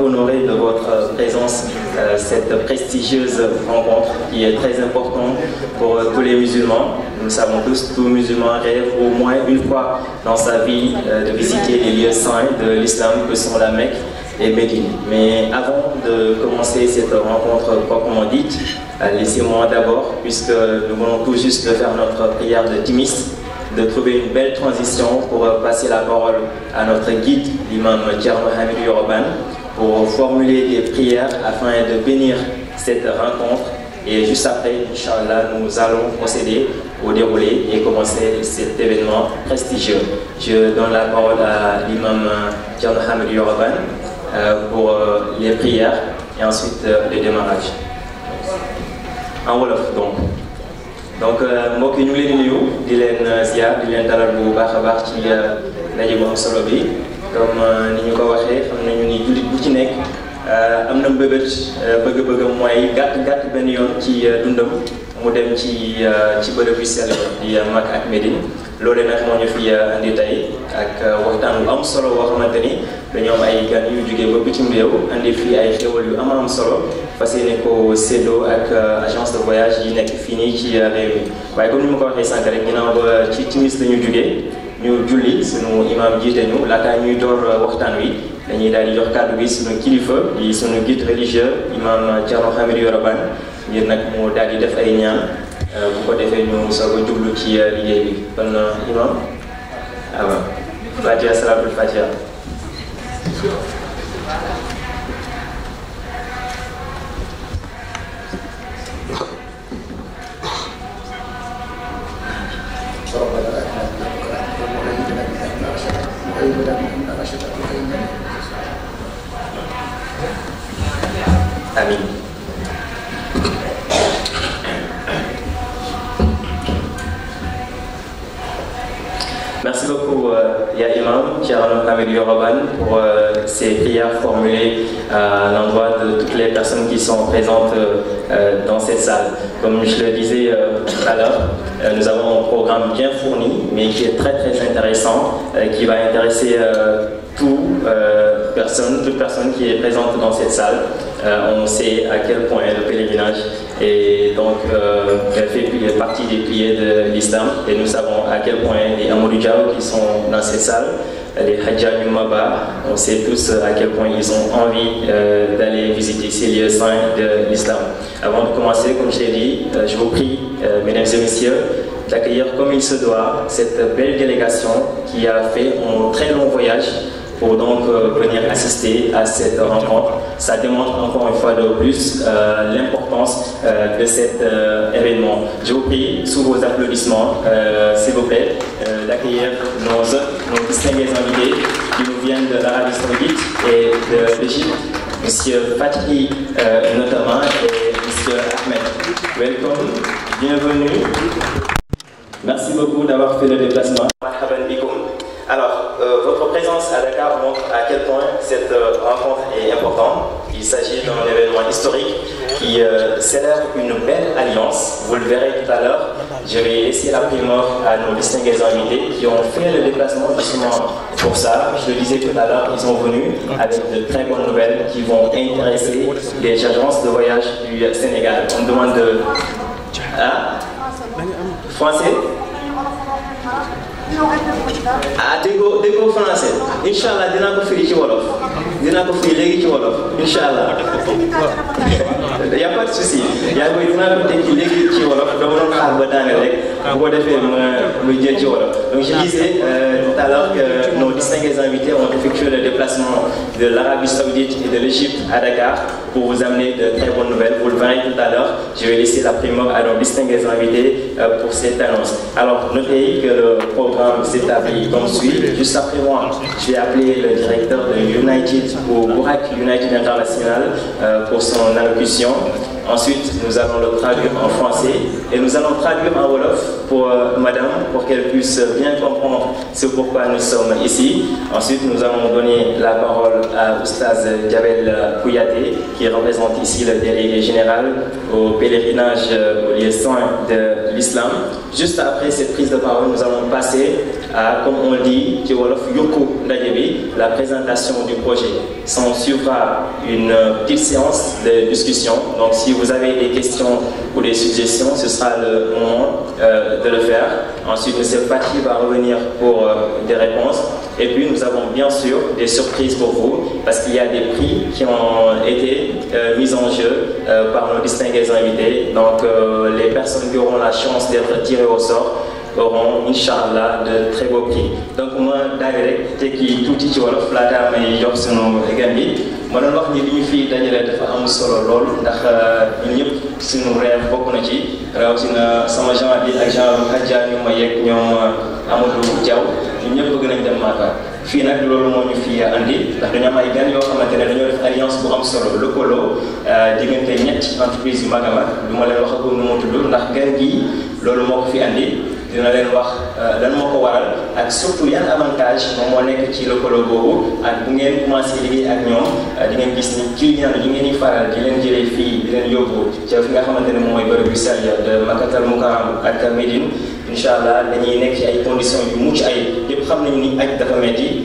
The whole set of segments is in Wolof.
honorer de votre présence à euh, cette prestigieuse rencontre qui est très importante pour euh, tous les musulmans. Nous savons tous, que tout musulman rêve au moins une fois dans sa vie euh, de visiter les lieux saints de l'islam que sont la Mecque et Médine. Mais avant de commencer cette rencontre proprement dite, laissez-moi d'abord, puisque nous voulons tout juste faire notre prière de Timis, de trouver une belle transition pour passer la parole à notre guide, l'imam Mohamed Urban, pour formuler des prières afin de bénir cette rencontre. Et juste après, Inch'Allah, nous allons procéder au déroulé et commencer cet événement prestigieux. Je donne la parole à l'imam John Hamid Yoruban euh, pour euh, les prières et ensuite euh, le démarrage. En Wolof donc. donc Mokinou yi ñu Zia, Dylan di Bachabachi, di leen ziar di comme euh, ni ñu ko waxee xam nañu ni jullit bu ci nekk euh, am na bëgg euh, bëgg mooy gàtt gàtt benn yoon ci dundam mu dem ci ci bërëb yu di mag ak Medine loolee nag moo ñu fi andi tey ak waxtaan am solo boo xamante ni dañoo am ay gan yu ba bitim réew andi fii ay yu am am solo ko ak agence de voyage yi nekk fii nii ci réew mi comme ko rek ba ci ñu ñu julli sunu imam jiite ñu laataa ñuy door euh, waxtaan wi dañuy daal di jox kàddu bi sunu kilifa di sunu guide religieux imam euh, Thierno Hamid Yoro Bane ngir nag mu daal di def ay ñaan euh, bu ko defee ñu soog a jublu ci liggéey bi kon imaam ah, waaw Fatiha salaatul Fatiha Merci beaucoup euh, Ya Imam, Roban, pour euh, ces prières formulées à l'endroit de toutes les personnes qui sont présentes euh, euh, dans cette salle. Comme je le disais tout à l'heure, euh, nous avons un programme bien fourni, mais qui est très très intéressant, euh, qui va intéresser euh, tout, personne, toute personne qui est présente dans cette salle. on sait à quel point le pèlerinage et donc fait partie des piliers de l'islam et nous savons à quel point les Amourijaou qui sont dans cette salle les Hadja du Maba. On sait tous euh, à quel point ils ont envie euh, d'aller visiter ces lieux saints de l'islam. Avant de commencer, comme je l'ai dit, euh, je vous prie, mesdames et messieurs, d'accueillir comme il se doit cette belle délégation qui a fait un très long voyage pour donc venir assister à cette rencontre ça démontre encore une fois de plus euh, l'importance euh, de cet euh, événement. Je vous prie, sous vos applaudissements, s'il vous plaît, d'accueillir nos, distingués invités qui nous viennent de l'Arabie Saoudite et de l'Égypte, Monsieur Fatih notamment et Monsieur Ahmed. Welcome, bienvenue. Merci beaucoup d'avoir fait le déplacement. Alors, votre présence à Dakar montre à quel point cette euh, rencontre est important. Il s'agit d'un événement historique qui euh, célèbre une belle alliance. Vous le verrez tout à l'heure. Je vais laisser la primeur à nos distingués invités qui ont fait le déplacement justement pour ça. Je le disais tout à l'heure, ils sont venus avec de très bonnes nouvelles qui vont intéresser les agences de voyage du Sénégal. On demande de... Hein? Français ah déggoo déggoo français incha allah dinaa ko firi ci wolof dinaa ko firi léegi ci wolof incha allah y' a pas de souci yaa ngi koy dinaa ko tekki léegi ci wolof dama doon xaar ba daane rek. de donc je disais euh, tout à l'heure que nos distingués invités ont effectué le déplacement de l'Arabie Saoudite et de l'Égypte à Dakar pour vous amener de très bonnes nouvelles. Vous le verrez tout à l'heure, je vais laisser la primeur à nos distingués invités euh, pour cette annonce. Alors notez que le programme s'établit comme suit. Juste après moi, je vais appeler le directeur de United ou Burak United International euh, pour son allocution. Ensuite, nous allons le traduire en français et nous allons traduire en Wolof pour euh, Madame, pour qu'elle puisse bien comprendre ce pourquoi nous sommes ici. Ensuite, nous allons donner la parole à Oustaz Diabel Kouyaté, qui représente ici le délégué général au pèlerinage au lieu saint de l'islam. Juste après cette prise de parole, nous allons passer à, comme on dit, Wolof Yoko la présentation du projet. S'en suivra une petite séance de discussion. Donc, si vous avez des questions ou des suggestions, ce sera le moment euh, de le faire. Ensuite, M. qui va revenir pour euh, des réponses. Et puis, nous avons bien sûr des surprises pour vous, parce qu'il y a des prix qui ont été euh, mis en jeu par nos distingués invités. Donc, les personnes qui auront la chance d'être tirées au sort auront, Inch'Allah, de très beaux prix. Donc, moi, direct, qui tout dit, je vais ma doon wax ni li ñu fi dajale dafa am solo lool ndax euh, ñun ñëpp suñu réew bokk na ci rawatina sama genre bi ak genre xajjaa ñu ma yeeg ñoom euh, Amadou Diaw ñun ñëpp bëgg nañ dem fii nag loolu moo ñu fi andi ndax dañu am ay gan yoo xamante ne dañoo def alliance bu am solo lëkkaloo euh, diggante ñetti entreprise yu mag a mag du ma leen wax ak nu ndax gan gi loolu moo ko fi andi. dina leen wax lan eh, moo ko waral ak surtout yan avantage moom moo nekk ci lëkkaloo boobu ak bu ngeen commencé liggéey ak ñoom di ngeen gis ni client yi ngeen di faral di leen jëlee fii di leen yóbbu ci fi nga xamante ne mooy bërëb yu sell ya de Makatal Moukaram ak Medine incha allah dañuy nekk ci ay conditions yu mucc ayib yëpp xam ni aj dafa metti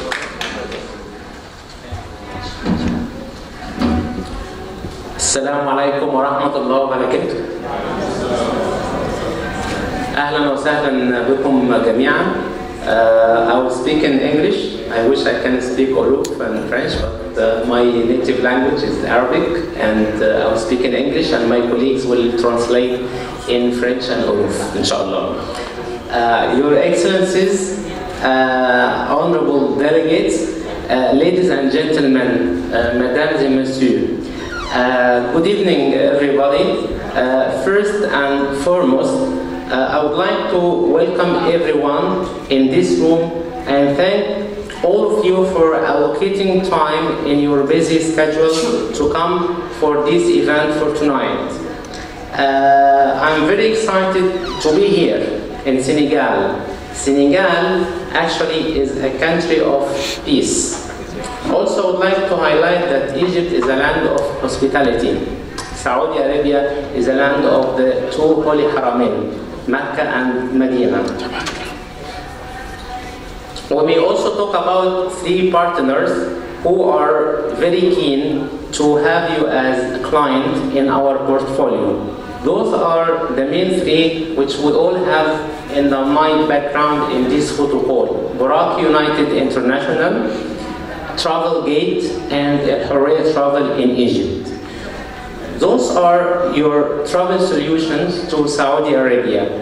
السلام عليكم ورحمة الله وبركاته أهلا وسهلا بكم جميعا uh, I will speak in English I wish I can speak Uruf and French but uh, my native language is Arabic and uh, I will speak in English and my colleagues will translate in French and Uruf inshallah uh, Your Excellencies uh, honorable delegates, uh, ladies and gentlemen, uh, Madame et messieurs, Uh, good evening, everybody. Uh, first and foremost, uh, I would like to welcome everyone in this room and thank all of you for allocating time in your busy schedule to come for this event for tonight. Uh, I'm very excited to be here in Senegal. Senegal actually is a country of peace. Also would like to highlight that Egypt is a land of hospitality. Saudi Arabia is a land of the two holy haramin, Mecca and Medina. We may also talk about three partners who are very keen to have you as a client in our portfolio. Those are the main three which we all have in the mind background in this photo call. Barak United International, travel gate and Hurriya travel in Egypt. Those are your travel solutions to Saudi Arabia.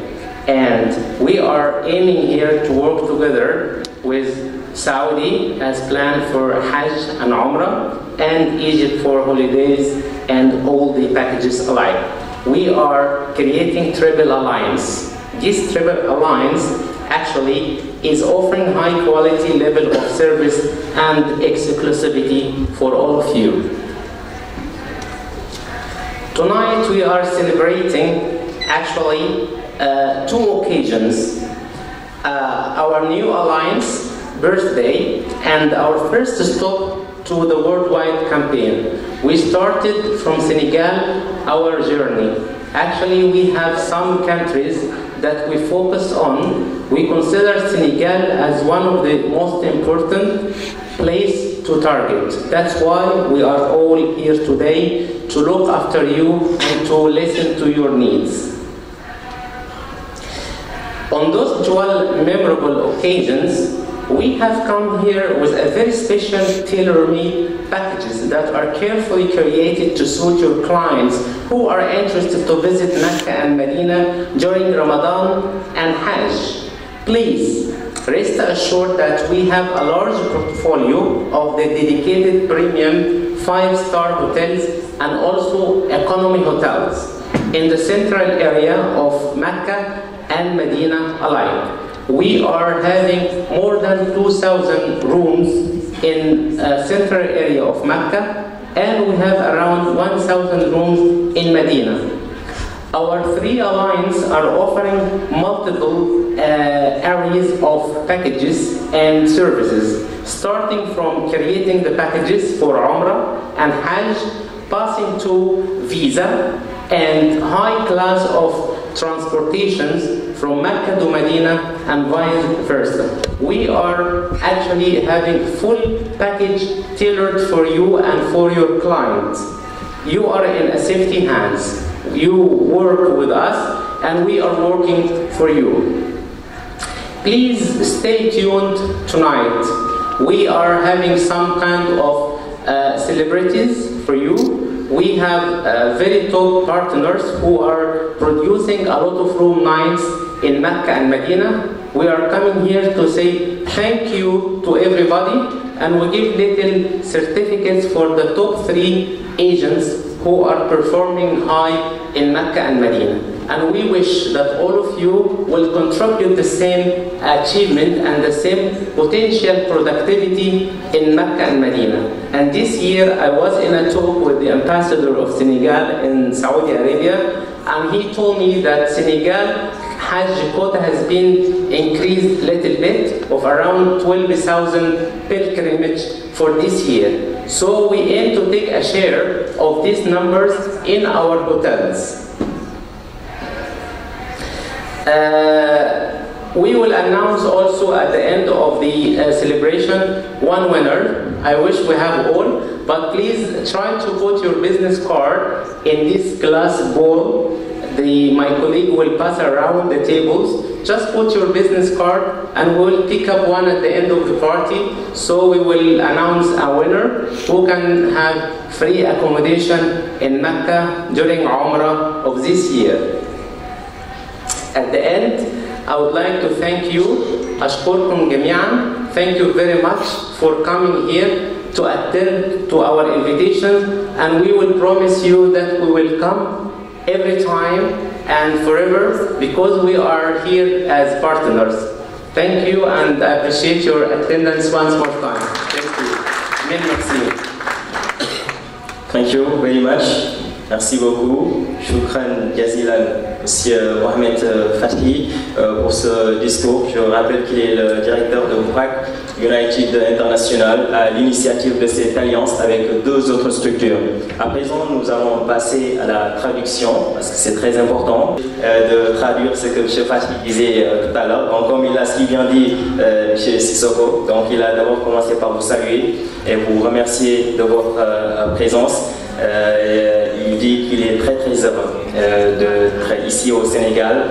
And we are aiming here to work together with Saudi as planned for Hajj and Umrah and Egypt for holidays and all the packages alike. We are creating travel Alliance. This travel Alliance actually is offering high quality level of service and exclusivity for all of you. Tonight we are celebrating actually uh, two occasions. Uh, our new alliance birthday and our first stop to the worldwide campaign. We started from Senegal our journey. Actually, we have some countries that we focus on, we consider Senegal as one of the most important place to target. That's why we are all here today to look after you and to listen to your needs. On those 12 memorable occasions, we have come here with a very special tailor-made packages that are carefully created to suit your clients who are interested to visit Mecca and Medina during Ramadan and Hajj. Please, rest assured that we have a large portfolio of the dedicated premium five-star hotels and also economy hotels in the central area of Mecca and Medina alike we are having more than 2,000 rooms in uh, central area of Mecca, and we have around 1,000 rooms in Medina. Our three alliances are offering multiple uh, areas of packages and services, starting from creating the packages for Umrah and Hajj, passing to visa and high class of transportations from Mecca to Medina and vice versa. We are actually having full package tailored for you and for your clients. You are in a safety hands. You work with us and we are working for you. Please stay tuned tonight. We are having some kind of uh, celebrities for you we have uh, very top partners who are producing a lot of room mines in Mecca and Medina. We are coming here to say thank you to everybody and we give little certificates for the top three agents who are performing high in Mecca and Medina. And we wish that all of you will contribute the same achievement and the same potential productivity in Mecca and Medina. And this year I was in a talk with the ambassador of Senegal in Saudi Arabia, and he told me that Senegal Hajj quota has been increased little bit of around 12,000 pilgrimage for this year. So we aim to take a share of these numbers in our hotels. Uh, we will announce also at the end of the uh, celebration one winner. I wish we have all, but please try to put your business card in this glass bowl the, my colleague will pass around the tables. Just put your business card and we'll pick up one at the end of the party. So we will announce a winner who can have free accommodation in Mecca during Umrah of this year. At the end, I would like to thank you. أشكركم جميعا. Thank you very much for coming here to attend to our invitation and we will promise you that we will come every time and forever because we are here as partners. Thank you and I appreciate your attendance once more time. Thank you. Thank you very much. Merci beaucoup. Shukran Yazilan, Monsieur Mohamed euh, Fatih, euh, pour ce discours. Je rappelle qu'il est le directeur de WRAC, United International à l'initiative de cette alliance avec deux autres structures. À présent, nous allons passer à la traduction, parce que c'est très important euh, de traduire ce que M. Fatih disait tout à l'heure. comme il l'a si bien dit, M. Sissoko, donc il a d'abord commencé par vous saluer et vous remercier de votre présence. Euh, euh, il dit qu'il est très très heureux euh, de, ici au Sénégal,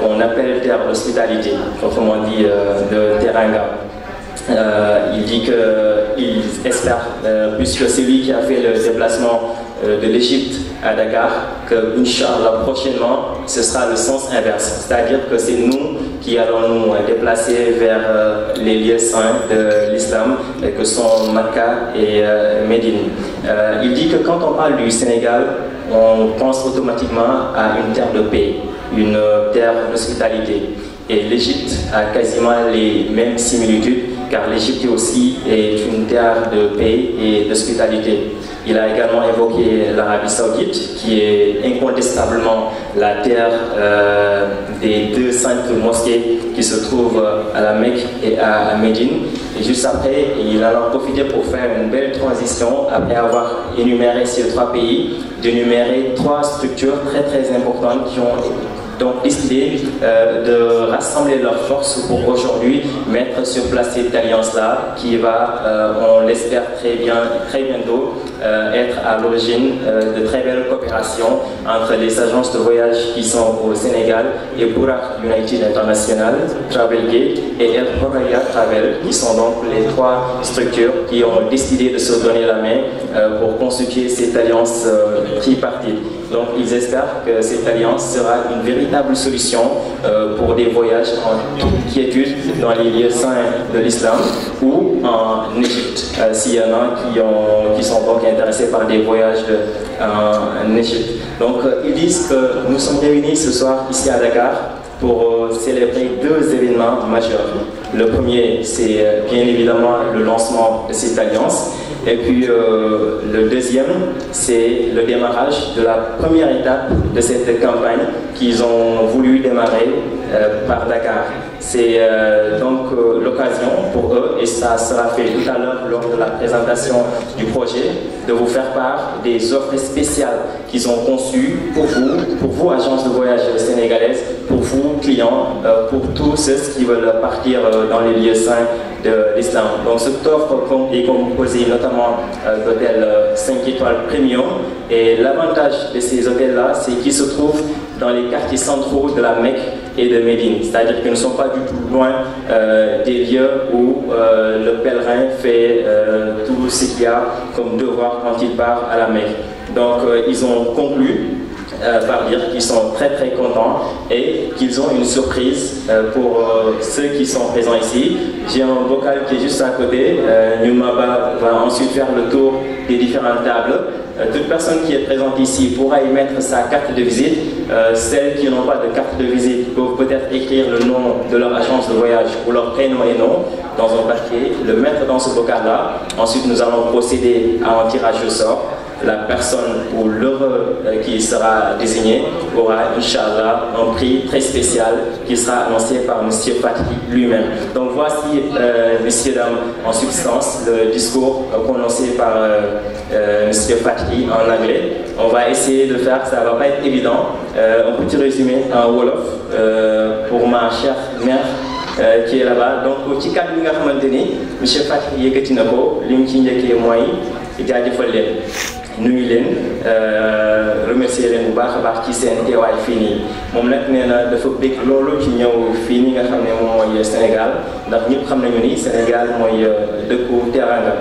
qu'on appelle terre d'hospitalité, autrement dit le teranga. il dit qu'il espère, puisque c'est lui qui a fait le déplacement euh, de l'Égypte à Dakar, que Inch'Allah prochainement, ce sera le sens inverse. C'est-à-dire que c'est nous qui allons nous euh, déplacer vers euh, les lieux saints de l'islam, que sont Makkah et Médine. Il dit que quand on parle du Sénégal, on pense automatiquement à une terre de paix, une terre d'hospitalité. Et l'Égypte a quasiment les mêmes similitudes, car l'Égypte aussi est une terre de paix et d'hospitalité. Il a également évoqué l'Arabie Saoudite, qui est incontestablement la terre euh, des deux saintes mosquées qui se trouvent euh, à la Mecque et à Médine. Et juste après, il a alors profité pour faire une belle transition, après avoir énuméré ces trois pays, d'énumérer trois structures très très importantes qui ont donc décidé euh, de rassembler leurs forces pour aujourd'hui mettre sur place cette alliance-là qui va, on l'espère très bien, très bientôt, euh, être à l'origine euh, de très belles coopérations entre les agences de voyage qui sont au Sénégal et Burak United International, Travelgate et Air Korea Travel, qui sont donc les trois structures qui ont décidé de se donner la main euh, pour constituer cette alliance tripartite. Donc ils espèrent que cette alliance sera une véritable solution pour des voyages en toute quiétude dans les lieux saints de l'islam ou en Égypte, s'il y en a qui, ont, qui sont encore intéressés par des voyages euh, en Égypte. Donc euh, ils disent que nous sommes réunis ce soir ici à Dakar pour euh, célébrer deux événements majeurs. Le premier, c'est bien évidemment le lancement de cette alliance. Et puis le deuxième, c'est le démarrage de la première étape de cette campagne qu'ils ont voulu démarrer par Dakar. C'est euh, donc euh, l'occasion pour eux, et ça sera fait tout à l'heure lors de la présentation du projet, de vous faire part des offres spéciales qu'ils ont conçues pour vous, pour vos agences de voyage sénégalaises, pour vous, clients, euh, pour tous ceux qui veulent partir dans les lieux saints de l'islam. Donc cette offre est composée notamment d'hôtels 5 étoiles premium, et l'avantage de ces hôtels-là, c'est qu'ils se trouvent dans les quartiers centraux de la Mecque, et de Médine. C'est-à-dire qu'ils ne sont pas du tout loin euh, des lieux où euh, le pèlerin fait euh, tout ce qu'il y a comme devoir quand il part à la mer. Donc ils ont conclu euh, par dire qu'ils sont très très contents et qu'ils ont une surprise euh, pour euh, ceux qui sont présents ici. J'ai un bocal qui est juste à côté. Bab va ensuite faire le tour des différentes tables. toute personne qui est présente ici pourra y mettre sa carte de visite. celles qui n'ont pas de carte de visite peuvent peut-être écrire le nom de leur agence de voyage ou leur prénom et nom dans un paquet, le mettre dans ce bocal-là. Ensuite, nous allons procéder à un tirage au sort la personne ou l'heure euh, qui sera désigné aura, Inch'Allah, un prix très spécial qui sera annoncé par M. Patrick lui-même. Donc voici, euh, messieurs, dames, en substance, le discours euh, prononcé par Monsieur M. Patrick en anglais. On va essayer de faire, ça va pas être évident, un petit résumé en Wolof pour ma chère mère qui est là-bas. Donc petit kàddu nga M. monsieur Patrick yëkkati na ko ci nuyu leen euh, remercier leen bu baax a baax ci seen teewaay fii nii moom nag nee na dafa bég loolu ci ñëw fii nii nga xam ne moom mooy Sénégal ndax ñëpp xam nañu ni Sénégal mooy euh, dëkku teranga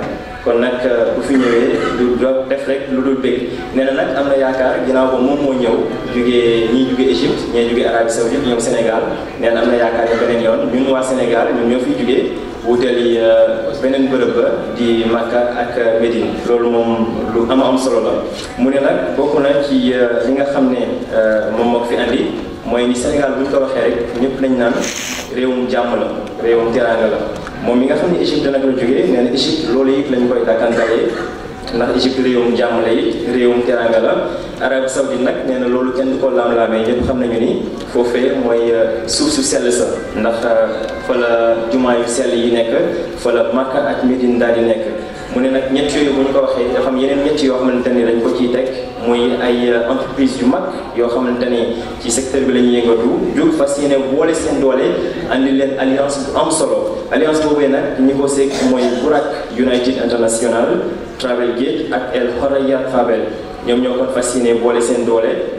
kon nag euh, bu fi ñëwee du def rek lu dul bég nee na nag am na yaakaar ginnaaw ba moom moo ñëw jugee ñii jugee Égypte ñee jugee Arabie Saoudite ñëw Sénégal nee na am na yaakaar ne beneen yoon ñun waa Sénégal ñun ñoo fiy jugee wutali euh, beneen bërëb ba di Makka ak Médine loolu moom lu am am solo la mu ne nag bokk na ci euh, li nga xam ne euh, moom moo fi andi mooy ni Sénégal bu ko waxee rek ñëpp nañ naan réewum jàmm la réewum teraanga la moom mi nga xam ne Égypte nag la jógee nee na Égypte loolu it lañ koy dàkkantalee ndax Égypte réewum jàmm la yi réewum teranga la Arabie Saoudite nag nee na loolu kenn du ko laam-laamee ñëpp xam nañu ni foofee mooy euh, suuf su sell sa ndax euh, fa la jumaa yu sell yi nekk fa la Makka ak Médine daal di nekk mu ne nag ñett yooyu bu ñu ko waxee dafa yeneen ñett yoo xamante ni dañ ko ciy teg muy ay eh, entreprise yu mag yoo xamante ne ci secteur bi la ñuy yëngatu jóg fas yéene boole seen doole andi leen alliance bu am solo alliance boobee nag ñi ko seeg mooy Burak United International Travel Gate ak El Horaya Travel ñoom ñoo ko fas yéene boole seen doole.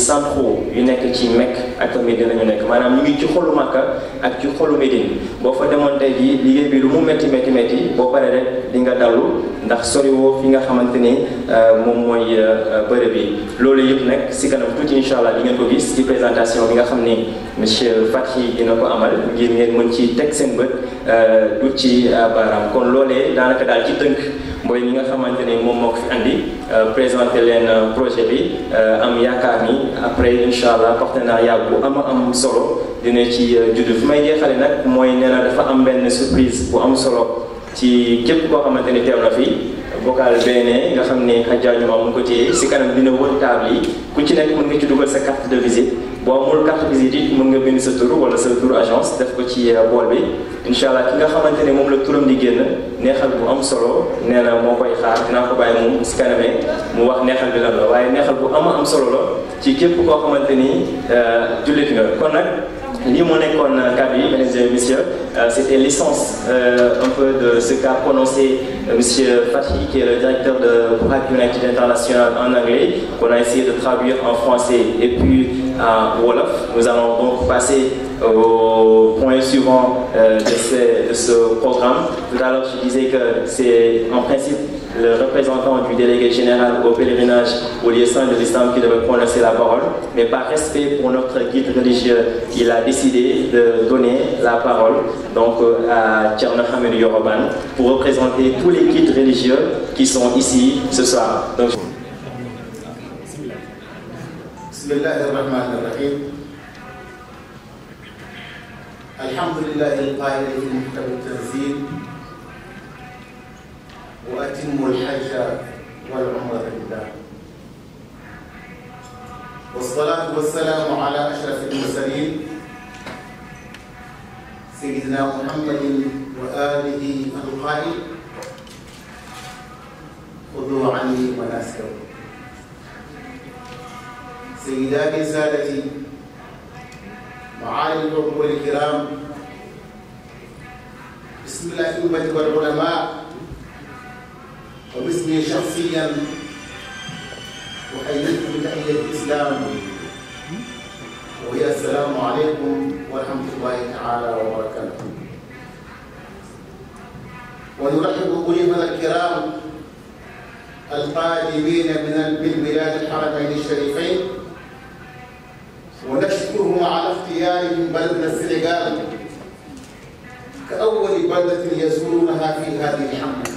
centraux yu nekk ci Mekk ak Médine la ñu nekk maanaam ñu ngi ci xolu Makka ak ci xolu Médine boo fa demoon tey jii liggéey bi lu mu métti métti métti boo paree rek di nga dallu ndax soriwoo fi nga xamante ni euh, moom mooy euh, bërëb bi loolu yëpp nag si kanam tuuti incha allah di ngeen ko gis ci présentation bi nga xam ni monsieur Fathy dina ko amal ngir ngeen mën ci teg seen bët euh, du ci baaraam kon loolee daanaka daal ci tënk. mooy li nga xamante ni moom moom ko fi euh, présenté leen euh, projet bi euh, am yaakaar ni après incha allah partenariat bu ama am solo dina ci juddu fi may jeexale nag mooy nee dafa am benn surprise bu am solo ci képp koo xamante ni teew na fi. vocal beneen nga xam ne xajjaaju ma mu ko téye si kanam dina wër table yi ku ci nekk mën nga ci dugal sa carte de visite boo amul carte visite yi mën nga bind sa tur wala sa tur agence def ko ci euh, bool bi incha allah ki nga xamante ne moom la turam di génn neexal bu am solo nee na moo koy xaar dinaa ko bàyyi moom si kanamee mu wax neexal bi lan la waaye neexal bu ama am solo la ci képp koo xamante ni euh, jullit nga kon nag. lii moo euh, mesdames et messieurs euh, c'était l'essence euh, un peu de ce qu'a prononcé monsieur Fatih qui est le directeur de Burak United International en anglais qu'on a essayé de traduire en français et puis à wolof nous allons donc passer au point suivant euh, de, ce, programme. Tout à l'heure, je disais que c'est en principe le représentant du délégué général au pèlerinage au lieu saint de l'islam qui devait prononcer la parole, mais par respect pour notre guide religieux, il a décidé de donner la parole donc, euh, à Tchernohamed Yoroban pour représenter tous les guides religieux qui sont ici ce soir. الحمد لله القائل في محكم التنزيل وأتم الحج والعمرة لله والصلاة والسلام على أشرف المرسلين سيدنا محمد وآله القائل خذوا عني مناسككم سيداتي سادتي معالي الأمور الكرام بسم الله الأمة والعلماء وباسمي شخصيا أحييكم تحية الإسلام وهي السلام عليكم ورحمة الله تعالى وبركاته ونرحب بضيوفنا الكرام القادمين من بالبلاد الحرمين الشريفين جاي من بلدنا السنغال كأول بلدة يزورونها في هذه الحملة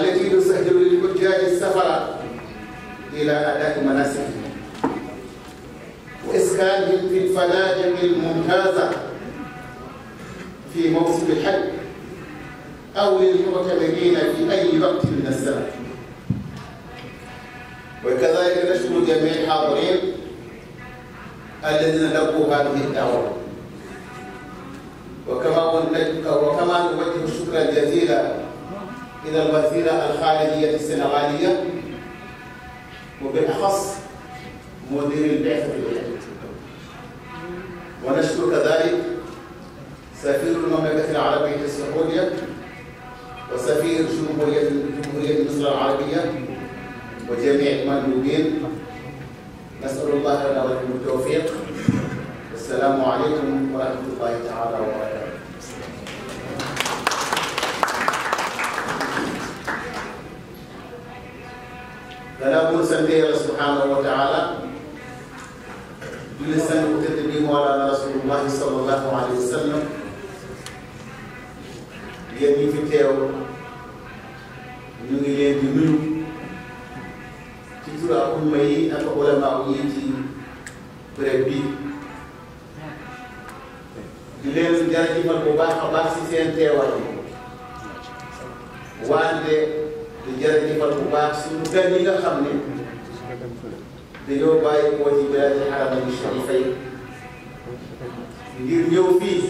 التي نسهل للحجاج السفر إلى أداء مناسكهم وإسكانهم في الفنادق الممتازة في موسم الحج أو للمعتمرين في أي وقت من السنة وكذلك نشكر جميع الحاضرين الذين لقوا هذه الدعوة وكما وكما نوجه الشكر الجزيل إلى الوزيرة الخارجية السنغالية وبالأخص مدير البعثة الولايات ونشكر كذلك سفير المملكة العربية السعودية وسفير جمهورية مصر العربية وجميع المندوبين نسأل الله لنا ولكم التوفيق والسلام عليكم ورحمة الله تعالى وبركاته فلا أقول سنتي سبحانه وتعالى لسان تقديم على رسول الله صلى الله عليه وسلم يدي في تيو teew ñu ngi surtout ulma yi ak ulama yi ci béréb bii di leen jaajëfal bu baax a baax ci seen teewaay bi wante di jaajëfal bu baax suñu gan yi nga xam ne dañoo bàyyi koo ci bilaadi xaramayn sharifay ngir ñëw fii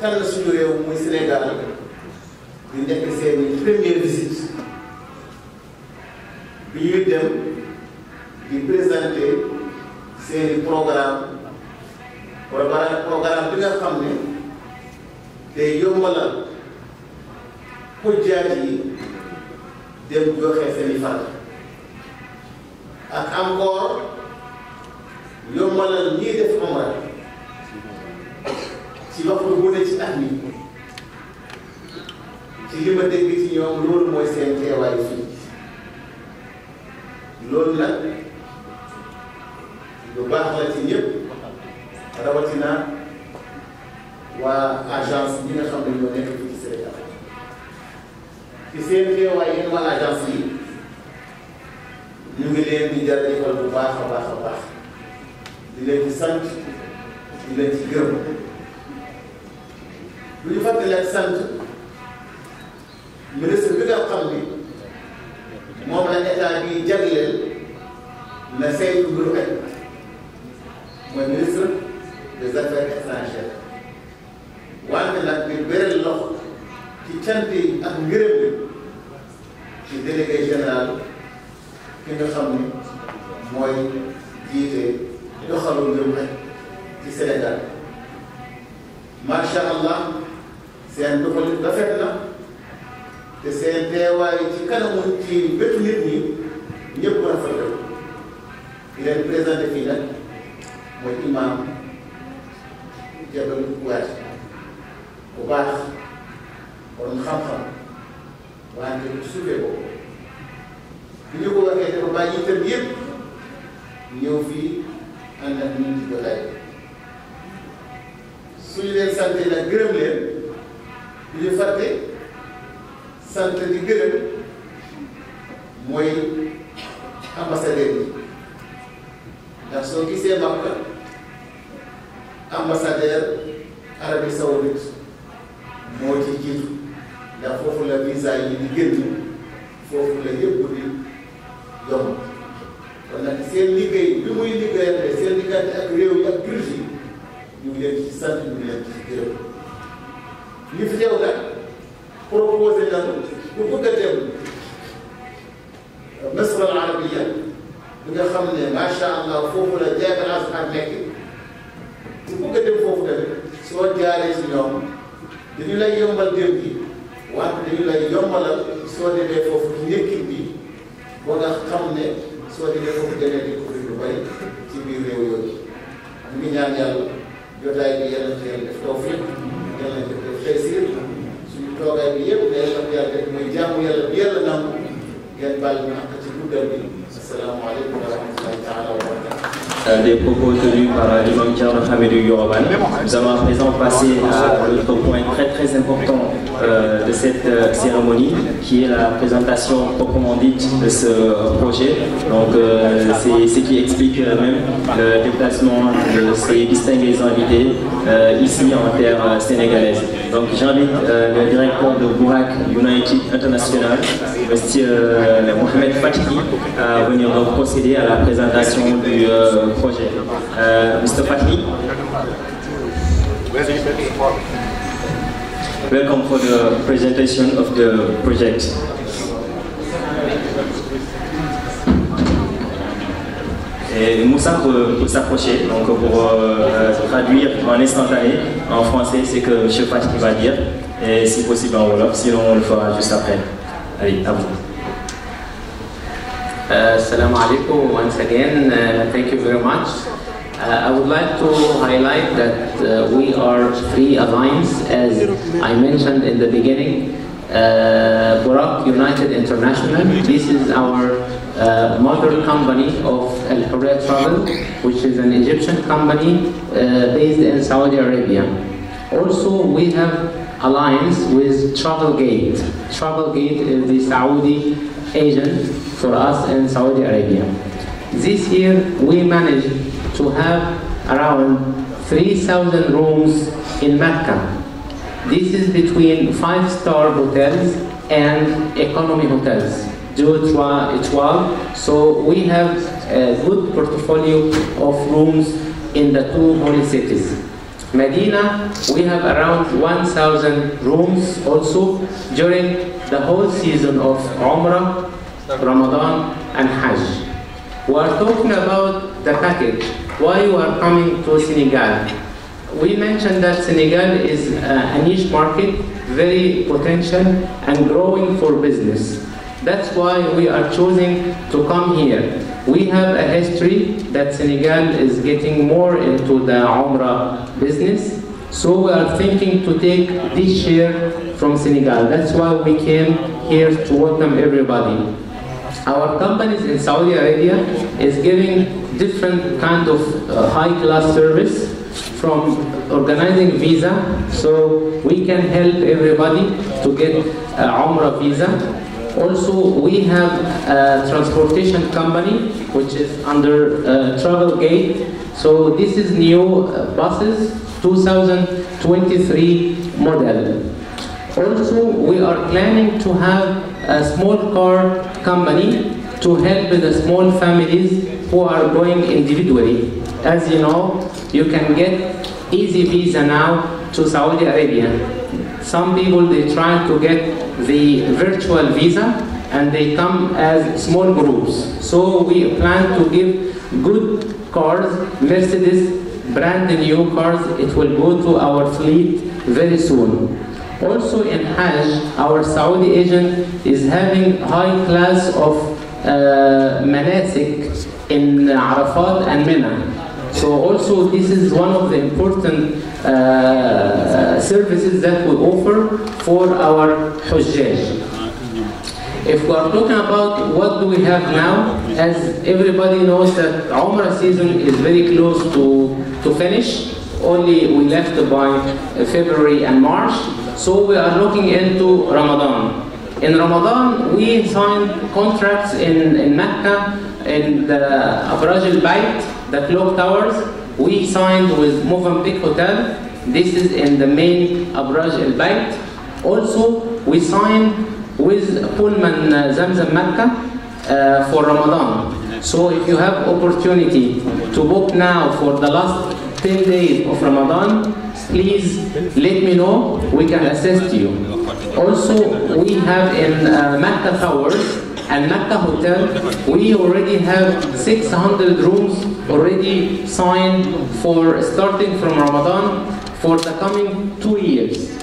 tànn suñu réew muy Sénégal di nekk seen première visite. bi ñuy dem di présenter seen programme programme programme bi nga xam ne day yombalal xujjaat yi dem joxe seen i fan ak encore yombalal ñiy def omra ci waxtu bu ne ci mi ci li ma dégg ci ñoom loolu mooy seen teewaay fii loolu nag lu baax la ci ñëpp rawatina waa agence ñi nga xam ne ñoo nekk fii ci Sénégal ci seen teewaay yéen waa agence yi ñu ngi leen di jaajëfal bu baax a baax a baax di leen di sant di leen ci gërëm lu ñu fàttali ak sant ministre bi nga xam ni moom la état bi jagleel la saytu mbiru aju mooy ministre des affaires étrangères wante nag bi beral loxo ci cant yi ak ngërëm yi ci délégué général ki nga xam ni mooy jiite doxalu mbiru aju ci Sénégal macha allah seen doxalin rafet na. te seen teewaay ci kanamu ci bëtu nit ñi ñëpp mën a fajal di leen présenté fii nag mooy imam Jabal xam-xam wante bu suufee ko ko waxee dafa bàyyi itam yëpp ñëw fii ànd ak ñun ci jotaay suñu leen sant nag gërëm leen du ñu sant di gërëm mooy ambassadeur yi ndax soo gisee Makka ambassadeur Arabie Saoudite moo ci jiitu ndax foofu la visa yi di génn foofu la yëpp di yomb kon nag seen liggéey bi muy liggéeyante seen o ak réew yi ak jullit yi ñu ngi leen ci sant ñu ngi leen ci gërëm li fi teew nag proposé nañu من كل الدول مصر العربية nga xam ne macha allah foofu la jaagalaas ak nekk ku bëgg a dem foofu tamit soo jaaree si ñoom dañu lay yombal dem gi wante dañu lay yombalal soo demee foofu njëkkin bi ba nga xam ne soo demee foofu demee di ko lu bari ci biir réew yooyu ñu ngi ñaan yàlla jotaay bi yàlla ci yàlla def tawfiq yàlla def taysiir suñu toogaay bi yëpp jaar rek mooy jaamu yàlla bi yàlla nangu ngeen baal ñu àq ci guddal bi asalaamaaleykum wa rahmatullahi taala Euh, des propos tenus par euh, l'imam famille Hamidou Yoroban. Nous allons à présent passer à l'autre point très très important euh, de cette cérémonie qui est la présentation proprement dite de ce projet. Donc c'est ce qui explique même le déplacement de ces distingués invités ici en terre sénégalaise. Donc j'invite le directeur de Bourak United International, M. Mohamed Fatiki, à venir procéder à la présentation du projet. Euh, Mr. Welcome for the presentation of the project. Et Moussa peut, s'approcher, donc pour euh, traduire en instantané, en français, c'est que Monsieur sais va dire, et si possible en Wolof, sinon on le fera juste après. Allez, à vous. Uh, Assalamu alaikum once again. Uh, thank you very much. Uh, I would like to highlight that uh, we are three alliance, as I mentioned in the beginning. Uh, Burak United International, this is our uh, mother company of Al Hurriya Travel, which is an Egyptian company uh, based in Saudi Arabia. Also, we have alliance with Travelgate. Travelgate is the Saudi agent for us in Saudi Arabia. This year we managed to have around 3,000 rooms in Mecca. This is between five-star hotels and economy hotels. So we have a good portfolio of rooms in the two holy cities. Medina, we have around 1,000 rooms also during the whole season of Umrah, Ramadan, and Hajj. We are talking about the package, why you are coming to Senegal. We mentioned that Senegal is uh, a niche market, very potential and growing for business. That's why we are choosing to come here. We have a history that Senegal is getting more into the Umrah business. So we are thinking to take this share from Senegal. That's why we came here to welcome everybody. Our companies in Saudi Arabia is giving different kind of uh, high-class service from organizing visa, so we can help everybody to get a Umrah visa also, we have a transportation company which is under uh, Travelgate. So this is new uh, buses 2023 model. Also, we are planning to have a small car company to help the small families who are going individually. As you know, you can get easy visa now to Saudi Arabia. Some people, they try to get the virtual visa and they come as small groups. So we plan to give good cars, Mercedes, brand new cars, it will go to our fleet very soon. Also in Hajj, our Saudi agent is having high class of uh, manasik in Arafat and Mina. So also this is one of the important uh, services that we offer for our Hujjaj. If we are talking about what do we have now, as everybody knows that Umrah season is very close to, to finish, only we left by February and March, so we are looking into Ramadan. In Ramadan, we signed contracts in, in Mecca, in the Abraj al-Bayt, the clock towers, we signed with Movenpick Hotel. This is in the main Abraj El Bait. Also, we signed with Pullman uh, Zamzam Mecca uh, for Ramadan. So if you have opportunity to book now for the last 10 days of Ramadan, please let me know, we can assist you. Also, we have in uh, Mecca Towers, at Makkah Hotel, we already have 600 rooms already signed for starting from Ramadan for the coming two years.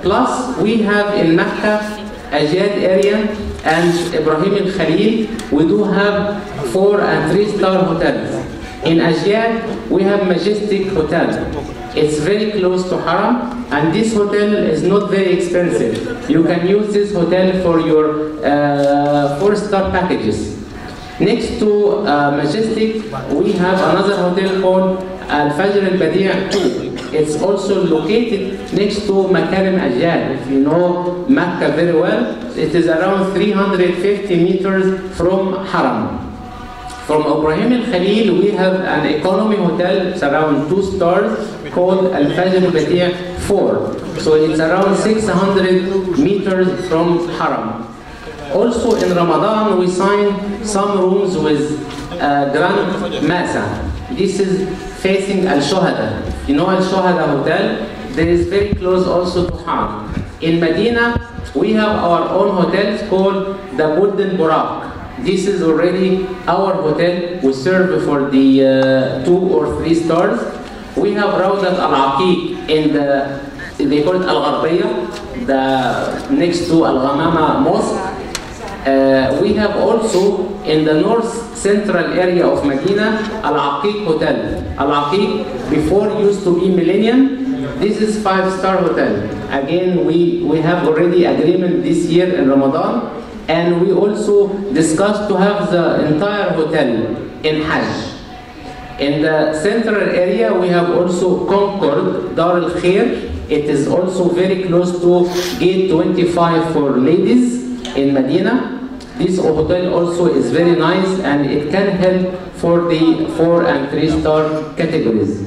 Plus, we have in Mecca, Ajad area, and Ibrahim al Khalil, we do have four and three star hotels. In Ajyad, we have majestic hotel. It's very close to Haram, and this hotel is not very expensive. You can use this hotel for your uh, four-star packages. Next to uh, Majestic, we have another hotel called Al Fajr Al Badia 2. It's also located next to Makarim Ajyad. If you know Mecca very well, it is around 350 meters from Haram. From Ibrahim Al Khalil, we have an economy hotel, it's around two stars, called Al Fajr Batia 4. So it's around 600 meters from Haram. Also in Ramadan, we sign some rooms with uh, Grand Massa. This is facing Al Shohada. You know Al Shohada Hotel? There is very close also to Haram. In Medina, we have our own hotels called the Wooden Burak this is already our hotel. We serve for the uh, two or three stars. We have Rawdat Al-Aqiq in the, they call it Al-Gharbiya, the next to Al-Ghamama Mosque. Uh, we have also in the north central area of Medina, Al-Aqiq Hotel. Al-Aqiq, before used to be Millennium, this is five-star hotel. Again, we, we have already agreement this year in Ramadan and we also discussed to have the entire hotel in Hajj. In the central area, we have also Concord, Dar al Khair. It is also very close to gate 25 for ladies in Medina. This hotel also is very nice and it can help for the four and three star categories.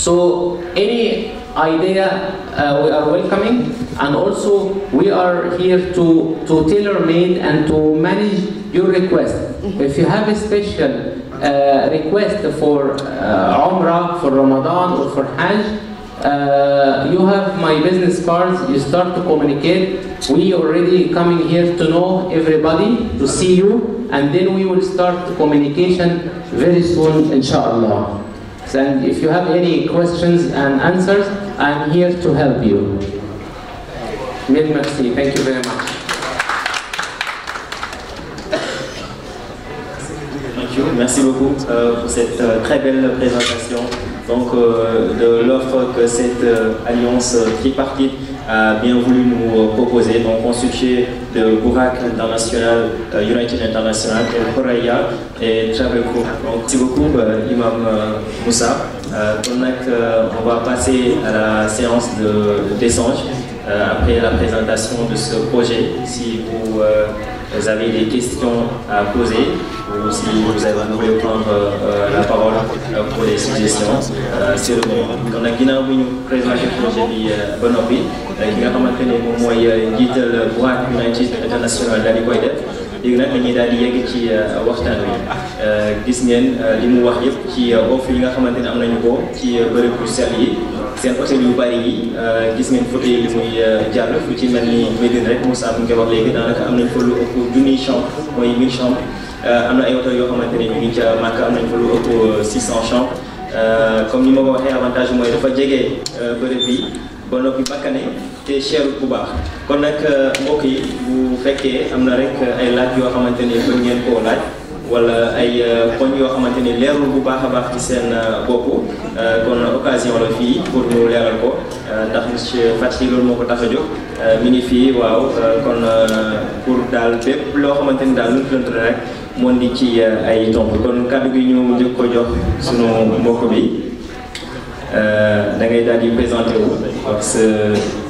So any idea uh, we are welcoming and also we are here to, to tailor-made and to manage your request. Mm-hmm. If you have a special uh, request for uh, Umrah, for Ramadan or for Hajj, uh, you have my business cards, you start to communicate. We already coming here to know everybody, to see you, and then we will start communication very soon, inshallah. And if you have any questions and answers, I'm here to help you. merci. Thank you Merci beaucoup euh, pour cette euh, très belle présentation donc, euh, de l'offre que cette alliance tripartite a bien voulu nous proposer. Donc, en sujet de Burak International, United International, et Koraya et Travel Group. Donc, merci beaucoup, Imam Moussa. Euh, euh, on va passer à la séance de d'échange euh, après la présentation de ce projet. Si vous, avez des questions à poser ou si vous, avez, à voulez prendre la parole pour des suggestions, c'est le moment. On a ginnaaw bi ñu présenté projet de ba noppi ki nga xamante ne un mooy International de léegi nag dañuy daal di yegg ci euh, waxtaan wi euh, gis ngeen euh, li mu wax yëpp ci offre yi nga xamante ne am nañu ko ci bërëb yu sell yi seen hôtel bu bari yi gis ngeen fauteuil yi muy jàll fu ci mel ni Médine rek Moussa mu ngi koy wax léegi am nañ fa lu ëpp junniy chambre mooy 1000 chambre am na ay hôtel yoo xamante ne ñu ngi ca Màkka am nañ fa lu ëpp 600 chambre comme ni ma ko waxee avantage mooy dafa jege bërëb bi ba noppi bakkane te cherul bu baax kon nag euh, mbokk yi bu fekkee am na rek euh, ay laaj yoo xamante ne bëgg ngeen koo laaj wala ay euh, poñ yoo xamante ni leerul bu baax a baax ci seen bopp kon occasion la fii pour ñu leeral ko ndax monsieur Faty loolu moo ko tax a jóg mi ngi fii waaw kon pour daal bépp loo xamante ni daal lu lënt rek moo di ci ay tomb kon kàddu gi ñu njëkk ko jox sunu mbokk bi Euh, da ngay daal di présenté wu wax sa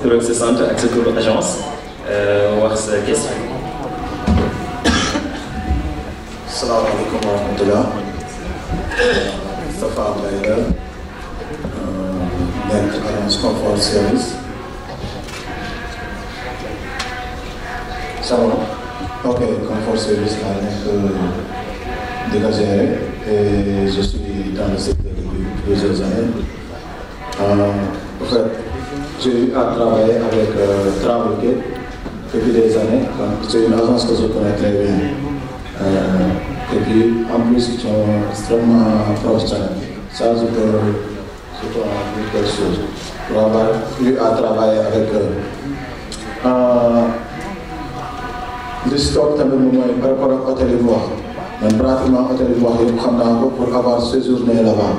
tur ak sa sant ak sa turu agence euh, wax sa question. salaamaaleykum wa rahmatulah. Moustapha Abdoulaye la euh, nekk agence confort service. ça va ok confort service laa nekk di et je suis dans le secteur depuis plusieurs années. Euh, en fait, j'ai eu à travailler avec euh, depuis des années. C'est une agence que je connais très bien. Euh, et puis, en plus, ils sont extrêmement proches, Ça, je peux, je peux en dire quelque chose. Pour avoir eu à travailler avec eux. Euh, le stock tamit moom mooy par rapport à hôtel de Bois. wax pratiquement hôtel de Bois, il yëpp pour avoir séjourné là-bas.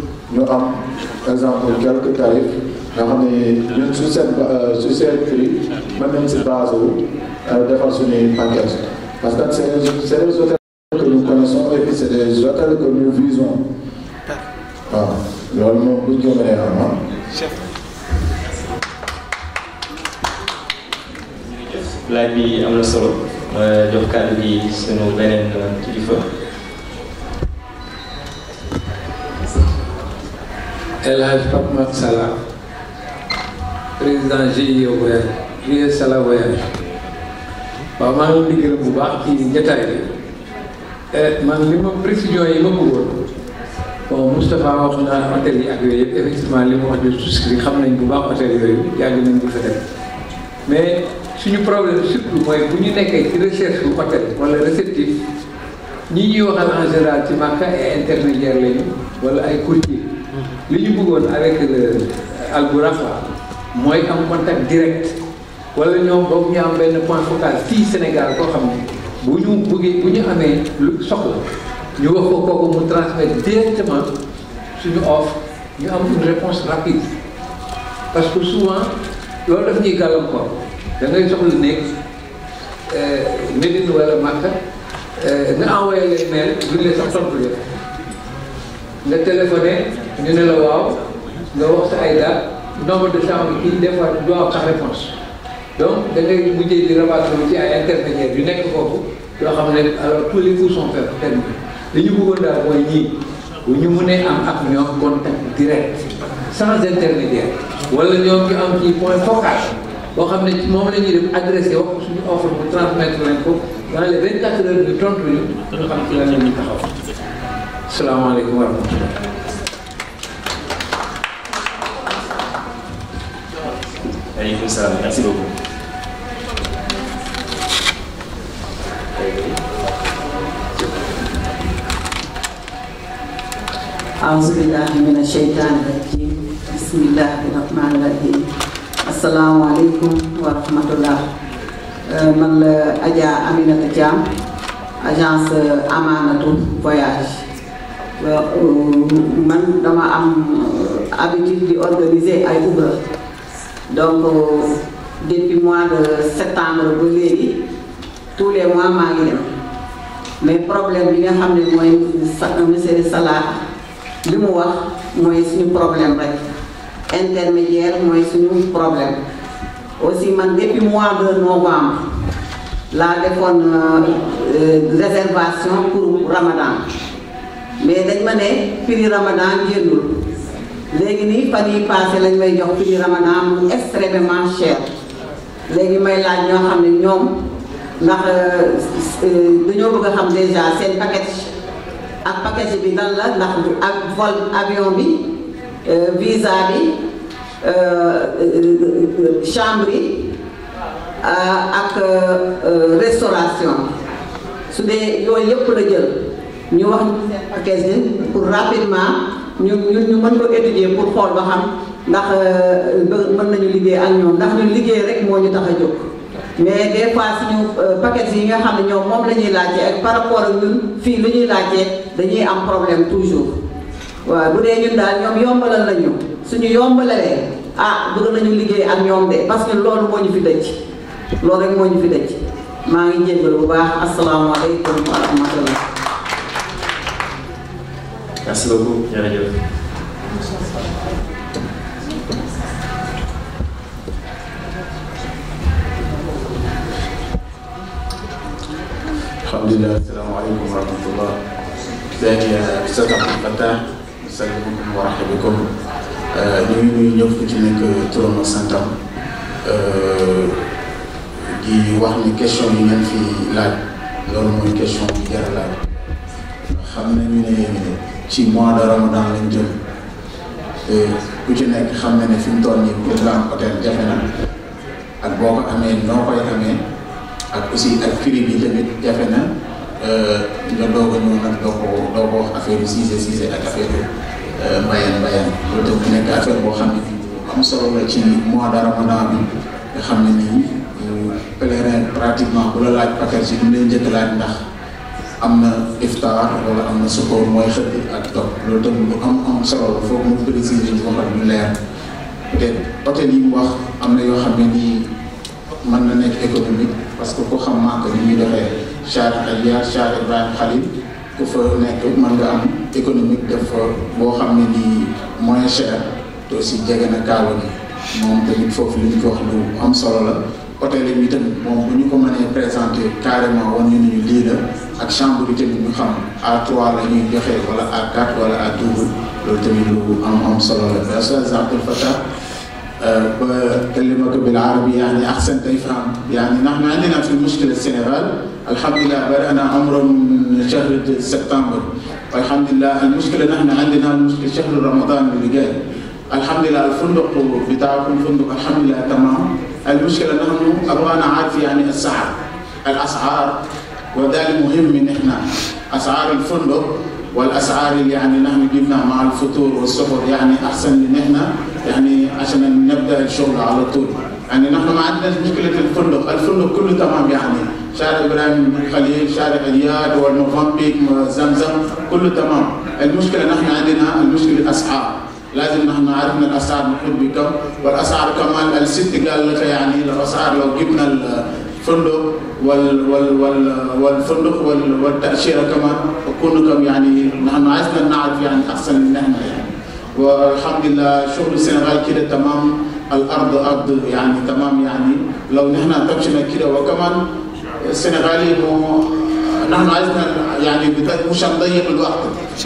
Nous avons par exemple quelques tarifs Nous avons ne ñun su euh, prix mën nañ si base wu euh, defar suñuy enquête parce que c'est des hôtels que nous connaissons et puis c'est des hôtels que nous visons waaw loolu moom bu ñu Chef. Merci. Je suis laaj bi am na solo euh, jox kàddu gi sunu beneen El Hadj Pape président GIE voyage GIE Sala voyage waaw maa ngi bu baax ci njataay bi eh, man li ma précision yi ma bëggoon bon Moustapha wax na hôtel ak yooyu effectivement li ma wax de xam nañ bu baax hôtel yooyu yàgg nañ di fa dem mais suñu problème surtout mooy bu ñu nekkee ci recherche bu hôtel wala réceptif ñi ñuy waxal en ci marché ay intermédiaire lañu wala ay courtier li ñu bëggoon avec je suis un contact direct wala nous avons un point focal au Sénégal transmettre directement sur offre ñu une réponse rapide parce que souvent le daf ñuy gàllankoor da ngay avons euh, euh, envoyé les mail les le téléphone ñu ne la waaw nga wax sa ay dates nombre de chambres kii des fois tu dois am réponse donc da ngay mujjee di rabattre ci ay intermédiaires yu nekk foofu yoo xam ne alors tous les coups sont faits pour terminer li ñu bëggoon daal mooy ñii bu ñu mënee am ak ñoom contact direct sans intermédiaire wala ñoom ñu am ci point focal boo xam ne moom la ñuy def adressé wax suñu offre bu transmettre leen ko dans les vingt quatre heures de trente minutes ñu xam ci lan la ñuy taxaw salaamaaleykum wa Waalaikumsalam. Terima kasih banyak. أعوذ بالله من الشيطان الرجيم بسم الله الرحمن الرحيم السلام عليكم ورحمة الله من أجا أمينة جام أجانس أمانة فياج من دما أم أبي جدي أورغانيزي أي أوبر donc euh, depuis mois de septembre tous les mois maa ngi dem mais problème bi nga xam ne mooy monsieur Salah li mu wax mooy suñu problème rek intermédiaire mooy suñu problème aussi man depuis mois de novembre laa defoon euh, réservation pour Ramadan mais dañ ma ne prix Ramadan génnul Légui ni fan passé lañ may jox prix Ramadan mu extrêmement cher Légui may laaj ño xam ñom ñoom ndax euh, euh, dañu bëgg xam déjà sen package ak package bi dal la ndax ak vol avion bi euh, visa bi chambre yi ak restauration su dé yooyu yëpp la jël ñu wax ñu seen package pour rapidement. ñu ñu ñu mën ko étudier pour xool ba xam ndax euh, mën nañu liggéey ak ñoom ndax ñun liggéey rek moo ñu tax a jóg mais des fois suñu euh, paquets yi nga xam ne ñoom moom lañuy ñuy laajte ak par rapport ak ñun fii lu ñuy laajte dañuy am problème toujours waaw bu dee ñun daal ñoom yombalal lañu suñu yombalalee ah bëgg nañu liggéey ak ñoom de parce que loolu moo ñu fi dëj loolu rek moo ñu fi dëj maa ngi jéggal bu baax asalaamaaleykum a rahmatullah Merci beaucoup, Pierre الحمد لله السلام عليكم ورحمة الله ازيك يا أستاذ عبد الفتاح مساكم ورحب بكم ñu ngi nuyu ñëpp ku ci nekk turam ak santam di wax ni question yi ngeen fi laaj loolu mooy question bi jar laaj xam nañu ne ci mois de ramadan lañ jëm ku ci nekk xam na ne fi mu toll nii programme hôtel jafe na ak boo ko amee noo koy amee ak aussi ak prix bi jafe na euh, nga doog a ñëw nag doo ko doo ko wax siise siise ak affaire yu euh, mbayeen mbayeen loolu nekk affaire boo xam ne am solo la ci mois de ramadan bi nga xam ne nii euh, pratiquement bu la laaj paquet si du leen njëkk laaj ndax. am na iftaar wala am na sukkoor mooy xëdd ak topp loolu tamit lu am am solo la foog mu préciser ñu waxal ñu leer peut-être hôtel mu wax am na yoo xam ne nii man na nekk économique parce que ku xam màkk ni muy defee Cheikh Aliya Cheikh Ibrahim Khalil ku fa nekk mën nga am économique def fa boo xam ne nii moins cher te aussi jege na kaaba gi moom tamit foofu li ñu ko wax lu am solo la. hôtel yi tamit moom bu ñu ko mënee présenter carrément wan ñu ñu lii ak chambre yi tamit ñu xam à trois la ñuy joxe wala à quatre wala à double loolu tamit lu am am solo la. Oustaz Abdou Fatah بالعربي يعني احسن افهم يعني نحن عندنا في مشكله السنغال الحمد لله بدانا عمره من شهر سبتمبر والحمد لله المشكله نحن عندنا المشكله شهر رمضان اللي جاي الحمد لله الفندق بتاعكم فندق الحمد لله تمام المشكله نحن ابغانا عارف يعني السعر الاسعار وده المهم من احنا اسعار الفندق والاسعار اللي يعني نحن جبنا مع الفطور والسفر يعني احسن من احنا يعني عشان نبدا الشغل على طول يعني نحن ما عندناش مشكله الفندق، الفندق كله تمام يعني شارع ابراهيم خليل، شارع الياد والنوفمبيك زمزم كله تمام، المشكله نحن عندنا المشكله الاسعار لازم نحن عرفنا الاسعار بتكون بكم والاسعار كمان الست قال لك يعني الاسعار لو جبنا الفندق وال وال وال والفندق وال والتاشيره كمان بكون كم يعني نحن عايزنا نعرف يعني احسن من نحن يعني والحمد لله شغل السنغال كده تمام الارض ارض يعني تمام يعني لو نحن تمشينا كده وكمان السنغالي هو نحن عايزنا يعني مش هنضيق الوقت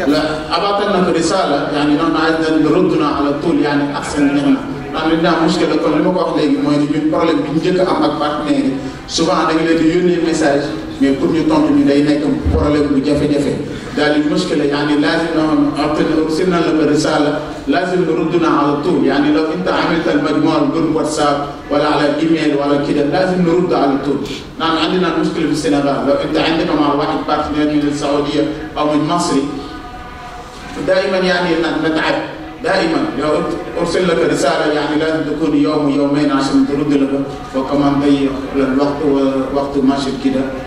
لا ابعت لنا في رساله يعني نحن عايزنا نردنا على طول يعني احسن من نعمل لنا مشكلة كل ما لك موين جون بروليك بنجيك أمك بحنيني سبحان الله يوني مساج mais pour ñu tontu ñu day nekk problème bu jafe-jafe daal di muskila yaani laazim أعطنا أرسلنا لك رسالة لازم نردنا على طول يعني لو أنت عملت المجموعة الجروب واتساب ولا على جيميل ولا كده لازم نرد على طول نحن عندنا مشكلة في السنغال لو أنت عندك مع واحد بارتنير من السعودية أو من مصر دائما يعني نتعب دائما لو ارسل لك رساله يعني لازم تكون يوم يومين عشان ترد لك وكمان ضيق الوقت ووقت ماشي كده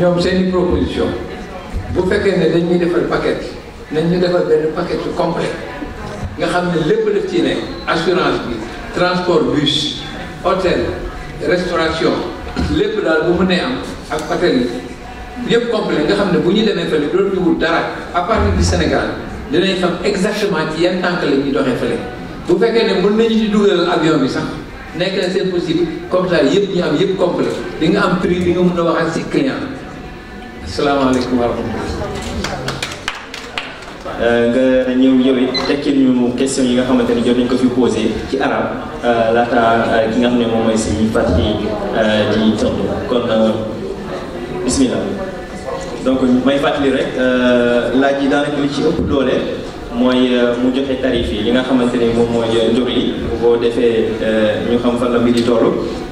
ñoom seen i proposition bu fekkee ne dañ ñuy defal paquet nañ ñu defal benn paquet su complet nga xam ne lépp def ci ne assurance bi transport bus hôtel restauration lépp daal bu nee am ak hôtel yi yëpp complet nga xam ne bu ñu demee fële doon ñu wut dara à partir du Sénégal dinañ xam exactement ci yan tànk la ñuy doxee fële bu fekkee ne mën nañu ci dugal avion bi sax nekk seen possible comme ça yëpp ñu am yëpp complet di nga am prix bi nga mun a wax ak si client salaamaaleykum wa rahmatulah. nga ñëw yow it tekkil ñu question yi nga xamante ni jot nañ ko fi posé ci arab euh, laata euh, ki nga xam ne moom mooy si parti euh, di tontu kon bismillah donc may fàttali rek laaj yi daanaka ci ëpp doole. mooy euh, mu joxe tarif yi li nga xamante ni moom mooy euh, njur yi boo defee euh, ñu xam fan la mbir yi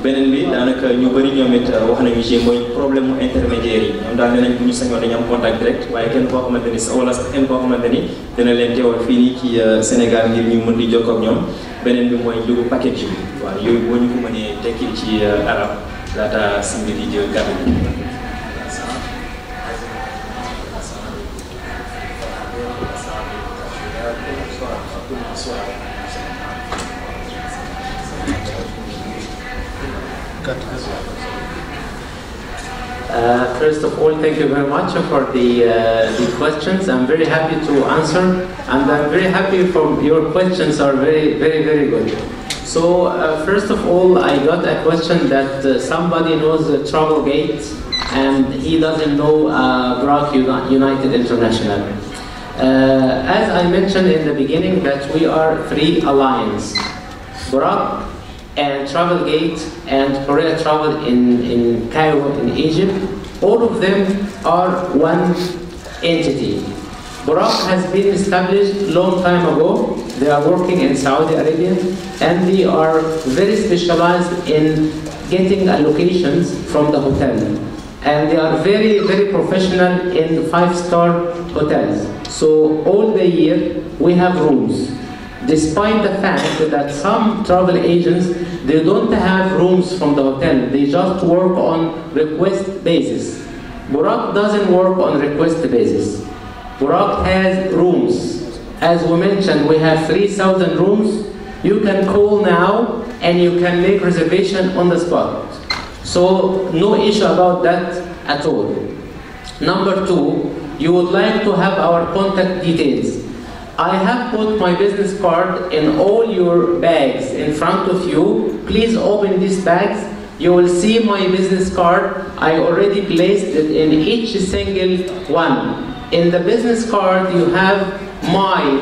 beneen bi daanaka ñu bëri ñoom it wax nañu ci mooy problème mu intermédiaire yi ñoom daal ne nañ bu ñu sañoon dañu am contact direct waaye kenn koo xamante ni sa wala sax kenn koo xamante ni dina leen ci Sénégal ngir ñu mën di jokkoo ak ñoom beneen bi mooy njuru package bi waaw yooyu boo ñu ko mënee tekki ci arab laata si mbir yi jël kàddu Uh, first of all, thank you very much for the, uh, the questions. I'm very happy to answer, and I'm very happy for your questions are very, very, very good. So, uh, first of all, I got a question that uh, somebody knows Travelgate, and he doesn't know uh, Brock United International. Uh, as I mentioned in the beginning, that we are three alliance. Brock and Travelgate and Korea Travel in, in Cairo in Egypt all of them are one entity. Burak has been established long time ago. They are working in Saudi Arabia and they are very specialized in getting allocations from the hotel. And they are very, very professional in five-star hotels. So all the year we have rooms despite the fact that some travel agents, they don't have rooms from the hotel. They just work on request basis. Burak doesn't work on request basis. Burak has rooms. As we mentioned, we have 3,000 rooms. You can call now and you can make reservation on the spot. So no issue about that at all. Number two, you would like to have our contact details. I have put my business card in all your bags in front of you. Please open these bags. You will see my business card. I already placed it in each single one. In the business card, you have my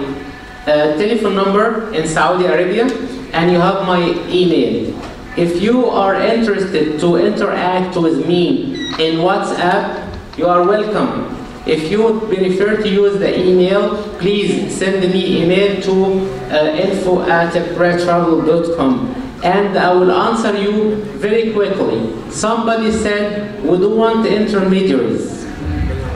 uh, telephone number in Saudi Arabia and you have my email. If you are interested to interact with me in WhatsApp, you are welcome. If you prefer to use the email, please send me email to uh, info at breadtravel.com and I will answer you very quickly. Somebody said, we don't want intermediaries.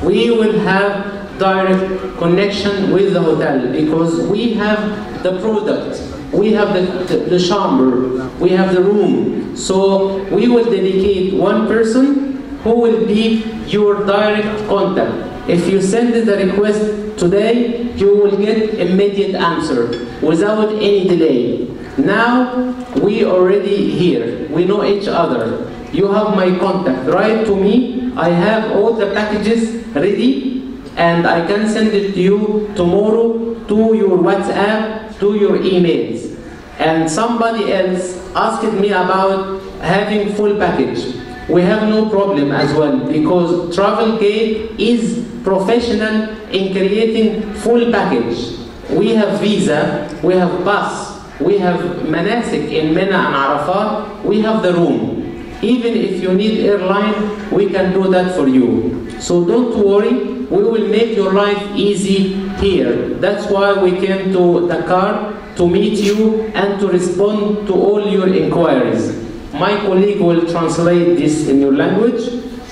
We will have direct connection with the hotel because we have the product, we have the, the, the chamber, we have the room. So we will dedicate one person who will be your direct contact. If you send the request today, you will get immediate answer without any delay. Now, we already here. We know each other. You have my contact. Write to me. I have all the packages ready and I can send it to you tomorrow to your WhatsApp, to your emails. And somebody else asked me about having full package we have no problem as well because TravelGate is professional in creating full package. We have visa, we have bus, we have manasik in Mina and Arafat, we have the room. Even if you need airline, we can do that for you. So don't worry, we will make your life easy here. That's why we came to Dakar to meet you and to respond to all your inquiries. My colleague will translate this in your language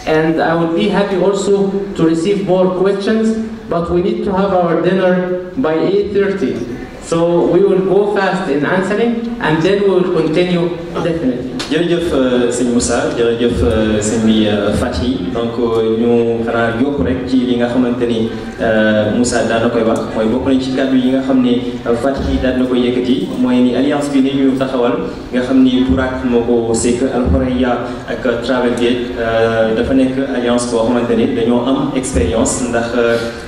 and I would be happy also to receive more questions, but we need to have our dinner by 8.30. So we will go fast in answering and then we will continue definitely. jërëjëf sëñ Moussa jërëjëf sëñ bi Faty donc uh, ñu xanaa yokk rek ci li nga xamante ni uh, Moussa daan na koy wax mooy bokk nañ ci kàddu yi nga xam ne uh, Faty daan na koy yëkkati mooy ni alliance bi ni ñu taxawal nga xam ni Burak moo ko sekk Al ak Travel Gate dafa nekk alliance boo xamante ni dañoo am expérience ndax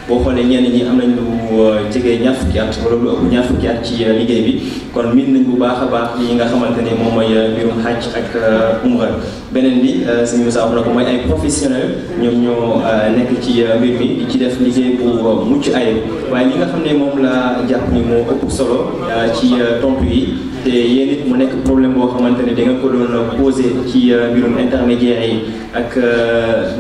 boo xoolee ñenn ñi am nañ lu jege at wala lu ëpp fukki at ci euh, liggéey bi kon min nañ bu baax a baax yi nga xamante ni moom mooy euh, mbirum xaj ak euh, umra beneen bi suñu musaabu na ko mooy ay professionnel ñoom ñoo nekk ci mbir mi di ci def liggéey bu mucc ayib waaye li nga xam ne moom la jàpp ni moo ëpp solo ci tontu yi te yéen it mu nekk problème boo xamante ne da nga ko doon posé ci mbirum intermédiaire yi ak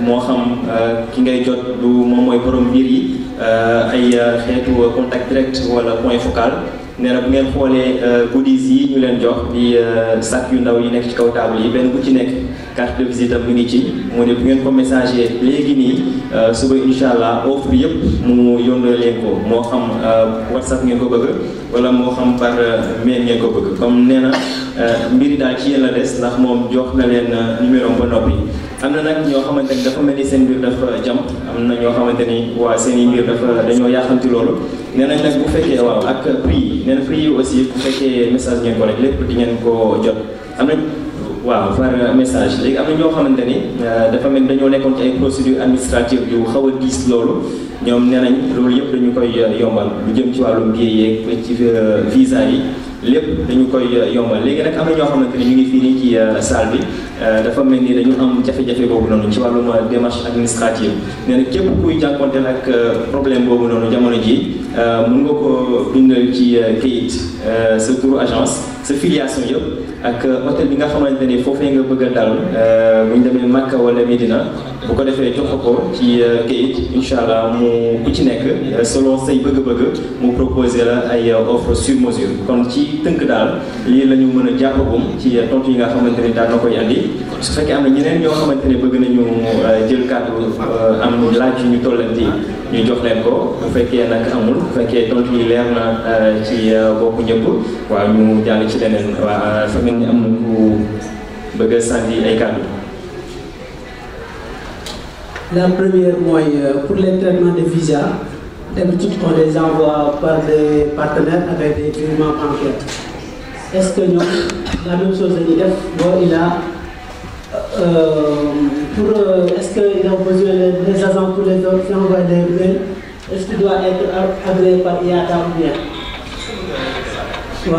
moo xam ki ngay jot du moom mooy borom mbir yi Euh, ay euh, xeetu euh, contact direct wala point focal nee na bu ngeen xoolee goodies yi ñu leen jox di sac yu ndaw yi nekk ci kaw table yi benn bu ci nekk carte de visite am mu ngi ci mu ne bu ngeen ko messager léegi nii suba incha allah offre yëpp mu yónnee leen ko moo xam whatsapp ngeen ko bëgg wala moo xam par mail ngeen ko bëgg comme nee na mbiri daal ci yéen la des ndax moom jox na leen numéro ba noppi. am na nag ñoo xamante ni dafa mel ni seen mbir dafa jam am na ñoo xamante ni waa seen i mbir dafa dañoo yaaxanti loolu nee nañ nag bu fekkee waaw ak prix yi nee na prix yi aussi bu fekkee message ngeen ko rek lépp di ngeen ko jot am na waaw par message léegi am na ñoo xamante ni euh, dafa mel dañoo nekkoon ci ay procédure administrative yu xaw a diis loolu ñoom nee nañ loolu yëpp dañu koy euh, yombal lu jëm ci wàllum billet yeeg ci euh, visa yi lépp dañu koy euh, yombal léegi nag am na ñoo xamante ni ñu ngi fii nii ci euh, salle bi euh, dafa mel nii dañu am jafe-jafe boobu noonu ci wàllum démarche administrative nee na képp kuy jànkonteel ak problème boobu noonu jamono ji mun nga ko bindal ci kayit sa pour agence sa filiation yëpp ak euh, hôtel bi nga xamante ne bëgg a dal euh, bu ñu demee Makka wala Medina bu ko defee ko ci euh, kayit incha allah mu ku ci nekk selon say bëgg-bëgg mu proposer la ay offre sur mesure kon ci tënk daal lii la ñu mën a jàppagum ci tontu yi nga xamante ne daal na koy andi su fekkee am na ñeneen ñoo xamante ne bëgg nañu jël kàddu am laaj yu ñu tollanti ñu jox leen ko bu fekkee nag amul bu fekkee tontu yi leer na ci bokku ñëpp waaw ñu jàll ci la première mooy euh, pour les traitements de visa d'habitude on les envoie par des partenaires avec des virements bancaires est-ce que ñoom la même chose est def il a euh, pour euh, est-ce que il ont besoin des agents pour les autres qui des mails est-ce qu'il doit être agréé par IATA ou bien. Comme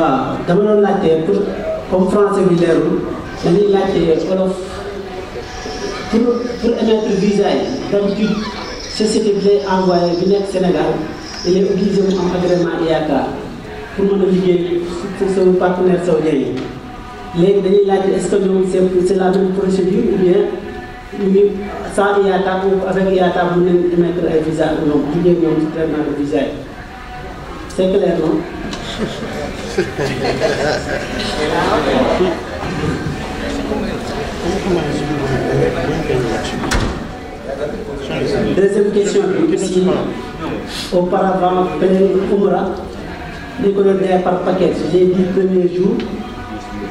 d'abord la terre, pour comme français pour pour émettre visa d'habitude société envoyé Sénégal il est obligé en agrément pour nous partenaire saoudien est-ce que c'est la même procédure ou bien sans IACA ou avec émettre visa visa c'est clair non. Deuxième question auparavant des par paquet les dit premiers jours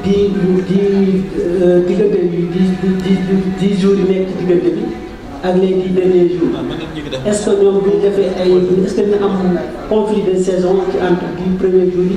euh, dix dix jours de jours est-ce que nous un conflit de saison entre dix premiers jours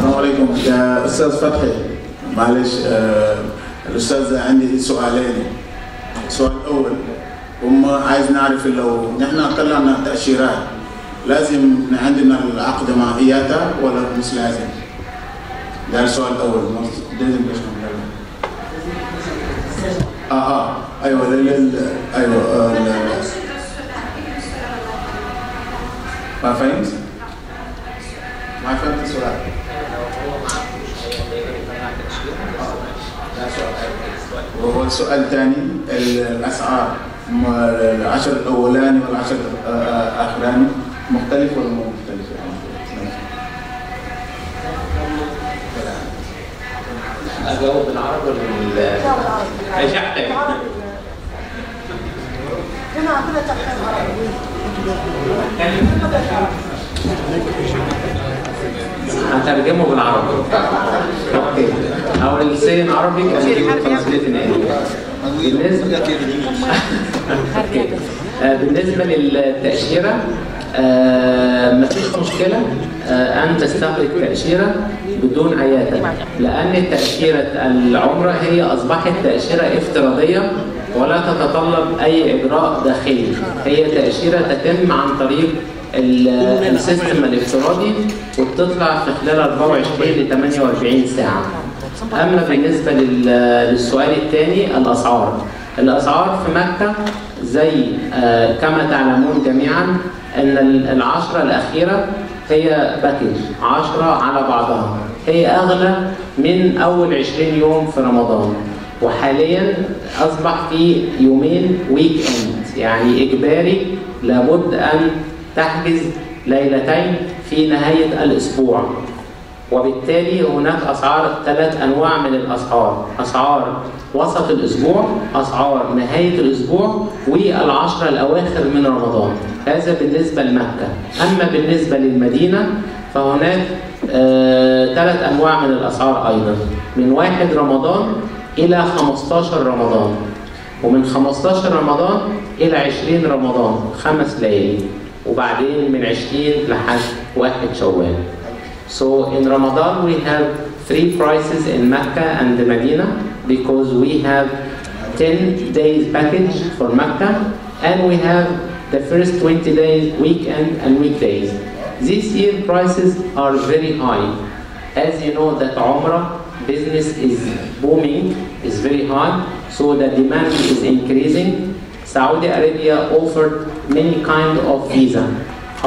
السلام عليكم يا استاذ فتحي معلش آه الاستاذ عندي سؤالين السؤال الاول هم عايز نعرف لو نحن طلعنا تاشيرات لازم عندنا العقد مع اياتا ولا مش لازم؟ ده السؤال الاول لازم اه اه ايوه لل... ايوه آه لا لا. ما فهمت؟ ما فهمت السؤال وهو السؤال الثاني الاسعار العشر الاولاني والعشر الاخراني مختلف ولا مو مختلف اجاوب بالعربي ولا بال بالعربي هنا عربي هترجمه بالعربي اوكي او will العربي in Arabic and you بالنسبه للتاشيره ما آه، مفيش مشكله آه، ان تستخرج تاشيره بدون عياده لان تاشيره العمره هي اصبحت تاشيره افتراضيه ولا تتطلب اي اجراء داخلي هي تاشيره تتم عن طريق السيستم إيه؟ الافتراضي وبتطلع في خلال 24 ل 48 ساعه. اما بالنسبه للسؤال الثاني الاسعار. الاسعار في مكه زي آه، كما تعلمون جميعا ان العشره الاخيره هي باكج 10 على بعضها هي اغلى من اول 20 يوم في رمضان وحاليا اصبح في يومين ويك اند يعني اجباري لابد ان تحجز ليلتين في نهاية الأسبوع وبالتالي هناك أسعار ثلاث أنواع من الأسعار أسعار وسط الأسبوع أسعار نهاية الأسبوع والعشرة الأواخر من رمضان هذا بالنسبة لمكة أما بالنسبة للمدينة فهناك آه، ثلاث أنواع من الأسعار أيضا من واحد رمضان إلى 15 رمضان ومن 15 رمضان إلى 20 رمضان خمس ليالي وبعدين من 20 لحد 1 شوال. So in Ramadan we have three prices in Mecca and the Medina because we have 10 days package for Mecca and we have the first 20 days weekend and weekdays. This year prices are very high. As you know that Umrah business is booming, is very high, so the demand is increasing Saudi Arabia offered many kind of visa,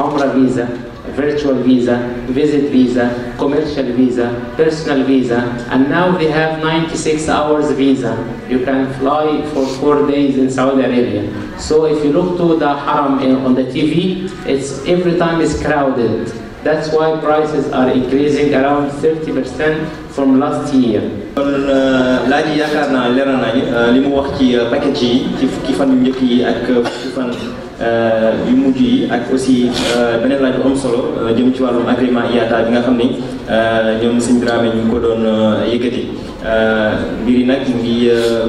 Umrah visa, virtual visa, visit visa, commercial visa, personal visa, and now they have 96 hours visa. You can fly for four days in Saudi Arabia. So if you look to the Haram eh, on the TV, it's every time it's crowded. That's why prices are increasing around 30% from last year. kon euh, laaj yi yaakaar naa leeral nañu euh, li mu wax ci euh, package yi ci fukki fan yu njëkk yi ak fukki fan yu mujj yi ak aussi beneen laaj bu am solo jëm ci wàllu agrément IATA bi nga xam ni ñoom Sëñ Dramé ñu ngi ko doon yëkkati. mbir yi nag mu ngi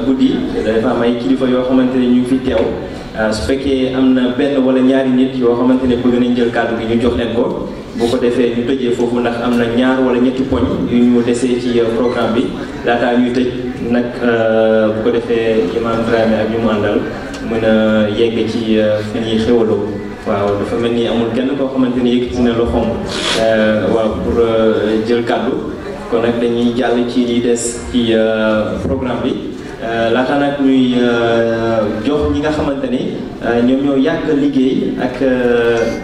guddi dafa am kilifa yoo xamante ne ñu ngi fi teew. su fekkee am na benn wala ñaari nit yoo xamante ne bëgg nañ jël kàddu gi ñu jox leen ko. boo ko defee ñu tëjee foofu ndax am na ñaar wala ñetti poñ yu ñu desee ci euh, programme bi laataa ñuy tëj nag euh, bu ko defee Imam Dramé ak ñu mu àndal a yegg ci euh, fan yi xéwaloo waaw dafa mel ni amul kenn koo xamante ni yëkkati na loxoom waaw pour jël kàddu kon nag dañuy jàll ci li des ci programme bi laata nag ñuy jox ñi nga xamante ni ñoom yàq liggéey ak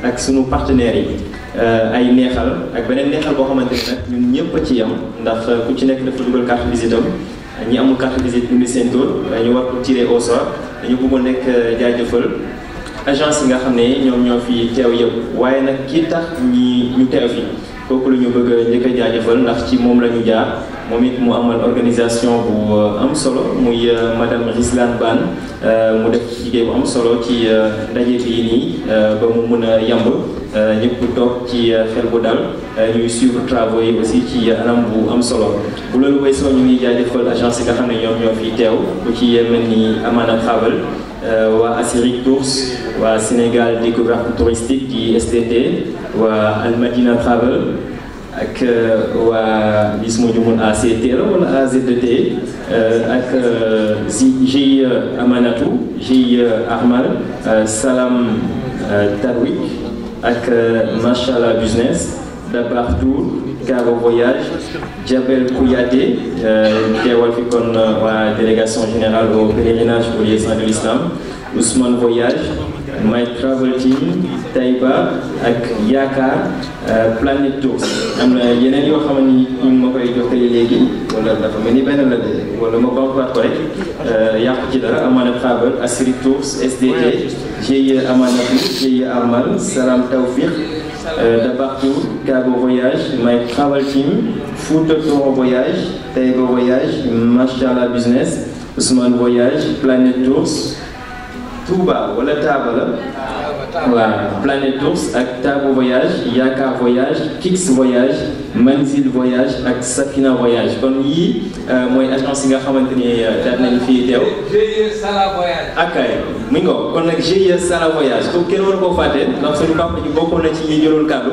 ak sunu partenaires yi. Euh, ay neexal ak beneen neexal boo xamante ne nag ñun ñëpp a ci yam ndax euh, ku ci nekk dafa dugal carte visite am euh, ñi amul carte visite indi seen tour dañu war ko tiré au sort dañu bëggoon nekk jaajëfal agence yi nga xam ne ñoom ñoo fi teew yëpp waaye nag kii tax ñi ñu teew fi kooku la ñu bëgg njëkk jaajëfal ndax ci moom la ñu jaar moom mu amal organisation bu euh, am solo muy euh, madame qui est euh, mu def liggéey bu am solo ci ndaje bii nii ba mu mun a ñëpp toog ci dal ñuy suivre aussi ci anam bu am solo bu loolu weesoo ñu ngi jaajëfal agence yi nga xam ñoo fi ci Amana Travel Tours Sénégal découverte touristique di STT Travel avec euh, waa bis moo ñu ACT la wala AZDT euh, ak GIE euh, Amanatu GIE armal, Salam Tarwik ak machala Business Dabar car Caro Voyage djabel Kouyaté qui fi kon waa délégation générale au pèlerinage pour les saints de l'islam Ousmane Voyage my travel team Taïba ak yaka Planet tour amna yeneen yo xamni ñu ngi ma koy jottali léegi wala dafa mel ben la de wala ma bamtuwaat ko rek yàqu ci dara Amana Travel Asri Tours SDT GIE Amana GIE Amal Salam Tawfiq Dabakh Tour Kabo Voyage my travel team Fouta Tour Voyage Taïba Voyage Mashallah Business Ousmane Voyage Planet Tours Touba wala Taaba la waaw Planète d'Ours ak Taabo voyage Yaakaar voyage Kix voyage Manzil voyage ak Safina voyage kon yii euh, mooy agence yi nga xamante ni daal euh, fi fii teew. GIE Sala voyage. ak kay mu ngi ko kon nag GIE Sala voyage kooku kenn war koo fàtte ndax suñu papa ji bokkoon na ci ñi jëloon kàddu.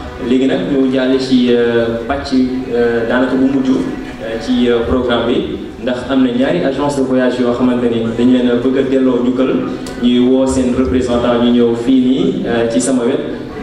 léegi nag ñu jàll ci bàcc euh, euh, daanaka bu mujj euh, ci programme bi ndax am na ñaari agence de voyage yoo xamante ni dañ leen bëgg a delloo njukkal ñuy woo seen représentant ñu ñëw fii nii ci sama wet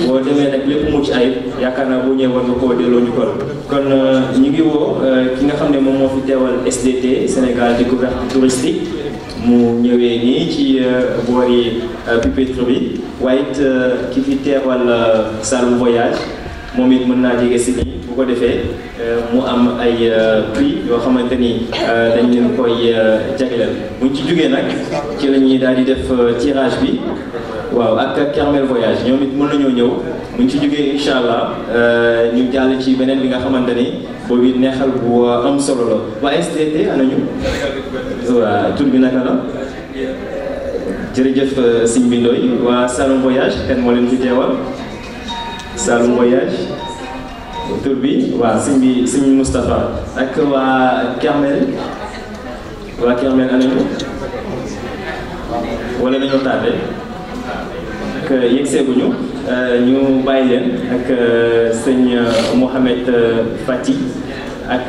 boo demee nag lépp mucc ayib yaakaar naa boo ñëwee war nga koo delloo ñu ko kon euh, ñu ngi woo euh, ki nga xam ne moom moo fi teewal SDT Sénégal di découverte touristique mu ñëwee nii ci euh, boori pupitre bi waaye it ki fi teewal Saloum Voyage momit mën naa bu ko defee euh, mu am ay euh, prix yoo xamante ni euh, dañ leen koy jagleel buñ ci jugee nag ci la ñuy def tirage bi waaw ak Kermel Voyage ñoom mën nañoo ñëw buñ ci jugee incha allah ñu jàll ci beneen bi nga xamante ni boobu neexal bu am solo la waa STT ana tur bi naka la. jërëjëf Sëñ waa Salon Voyage kenn moo leen fi Saloum Voyage tur bi waaw sëñ Mustapha, sëñ Moustapha ak waa Kermel wa Kermel ana ñu wala dañoo tardé ak yegseeguñu euh, ñu bàyyi leen ak euh, sëñ euh, Mohamed Fati ak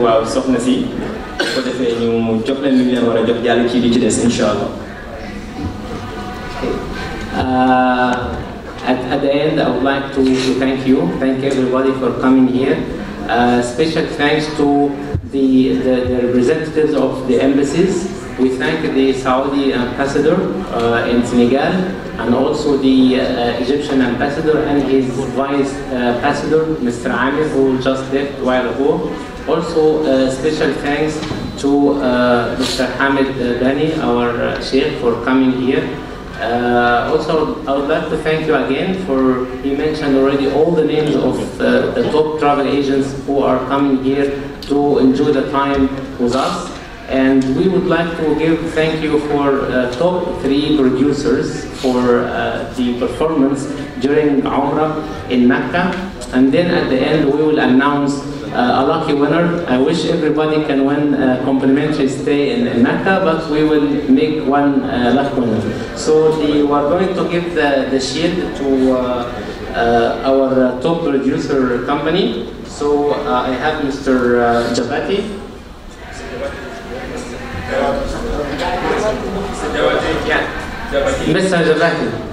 wa soxna si ko defee ñu jox leen lu ñu leen war jox jàll ci li ci des incha allah. At, at the end, I would like to, to thank you, thank everybody for coming here. Uh, special thanks to the, the, the, representatives of the embassies. We thank the Saudi ambassador uh, in Senegal and also the uh, Egyptian ambassador and his vice uh, ambassador, Mr. Amir, who just left a while ago. Also, uh, special thanks to uh, Mr. Hamid Bani, our sheikh, for coming here. Uh, also, I would like to thank you again for, you mentioned already all the names of uh, the top travel agents who are coming here to enjoy the time with us. And we would like to give thank you for uh, top three producers for uh, the performance during Umrah in Mecca. And then at the end, we will announce uh, a lucky winner. I wish everybody can win a complimentary stay in, in Mecca, but we will make one uh, lucky winner. So the, we are going to give the, the shield to uh, uh our uh, top producer company. So uh, I have Mr. Uh, Jabati. Mr. Jabati.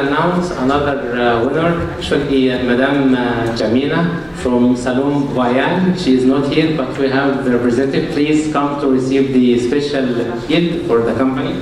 announce another uh, winner, actually uh, Madame uh, Jamila from Salon Voyage. She is not here, but we have the representative. Please come to receive the special gift for the company.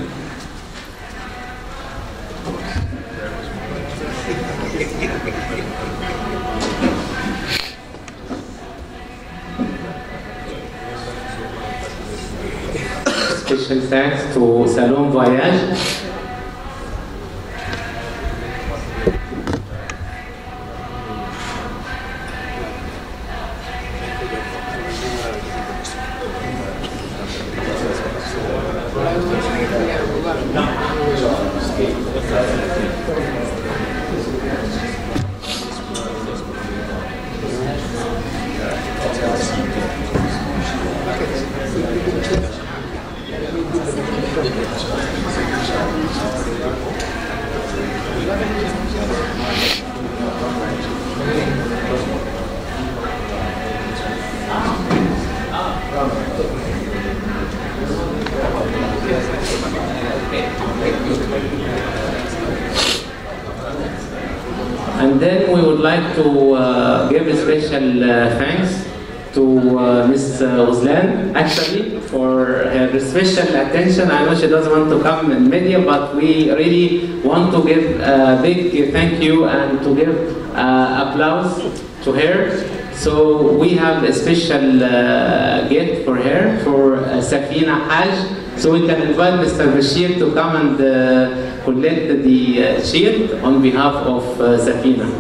big thank you and to give uh, applause to her. So we have a special uh, gift for her, for uh, Safina Haj. So we can invite Mr. Bashir to come and uh, collect the uh, shield on behalf of uh, Safina.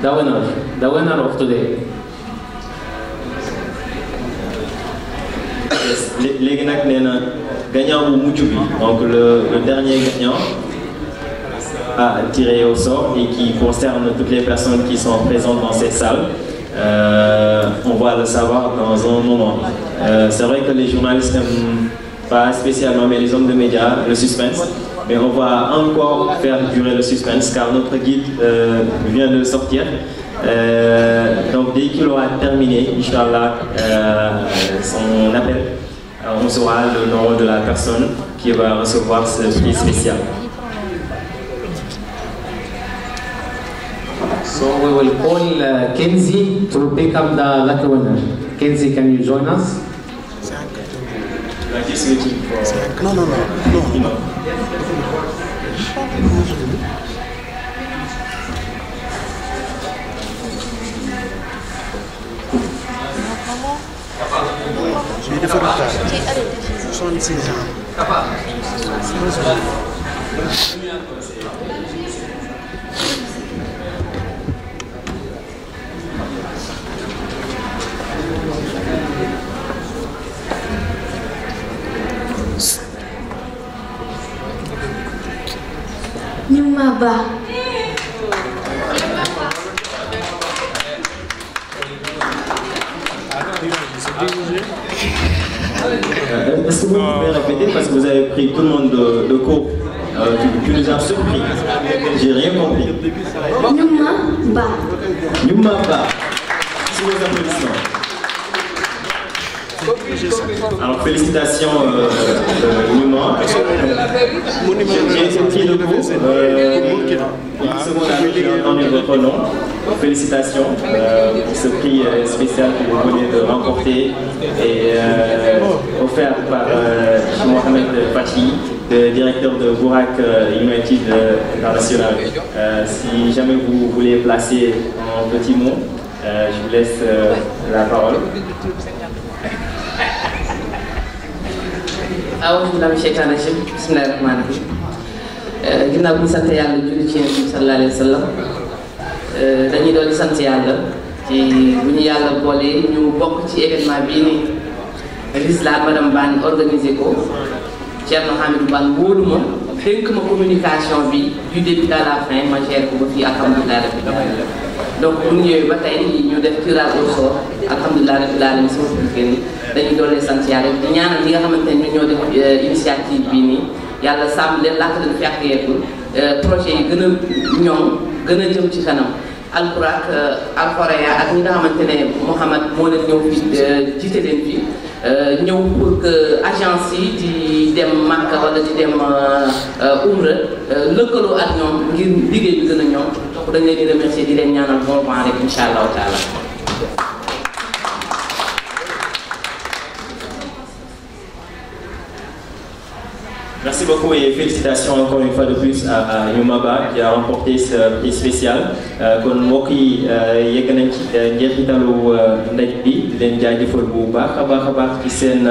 the winner, the winner of today. Les donc le, dernier gagnant a tiré au sort et qui concerne toutes les personnes qui sont présentes dans cette salle. Euh, on va le savoir dans un moment. Euh, c'est vrai que les journalistes pas spécialement, mais les hommes de médias, le suspense mais on va encore faire durer le suspense car notre guide euh, vient de sortir. Euh, donc dès qu'il aura terminé, Inch'Allah, euh, son appel, on saura le nom de la personne qui va recevoir ce prix spécial. So we will call uh, Kenzie to pick up the lucky winner. Kenzie, can you join us? Non, non, non. No, no, no, no. Abba. Euh, est-ce que vous pouvez répéter parce que vous avez pris tout le monde de, cours euh, nous as surpris. J'ai rien compris. Ba. Ba. Alors félicitations euh, euh Monument. J'ai senti votre nom. Félicitations euh, pour ce prix euh, spécial que vous venez de remporter et offert par Mohamed Fachi, directeur de Bourak United International. si jamais vous voulez placer un petit mot, je vous laisse la parole. aawuzu billaahi mina sheytaani rajiim bismillaahi rahmaani rahiim ginnaaw bi ñu sant yàlla julli ci yéen sallallaahu dañuy doon sant yàlla ci bu ñu yàlla boolee ñu bokk ci événement bii nii RISLA madame Bane organisé ko Thierno Hamidou Bane wóolu ma fénk ma communication bi du début à fin ma gère fi ba fii alhamdulilah rabbil donc bu ñu ñëwee ba tey ñu def tirage au sort alhamdulilah rabbil alamin sama dañuy doole sant yàlla di ñaanal ñi nga xamante ne ñoo def euh, initiative bii nii yàlla sàmm leen laata leen fekk yeegul projet yi gën a ñoŋ gën a jëm ci kanam alxuraan euh, alxoreya ak ñi nga xamante ne Mouhamad moo leen ñëw fi euh, jiite leen fi ñëw pour que agence yi di dem Màkka wala di dem Umra lëkkaloo ak ñoom ngir liggéey bi gën a ñoŋ donc dañ leen di remercier di leen ñaanal bon vent rek incha allahu taala. Merci beaucoup et félicitations encore une fois de plus à, à Yomaba qui a remporté ce prix spécial euh, kon mbokk yi euh, yegg nañ ci euh, njeexitalu ndaj bi di leen jaajëfal bu baax a baax baax ci seen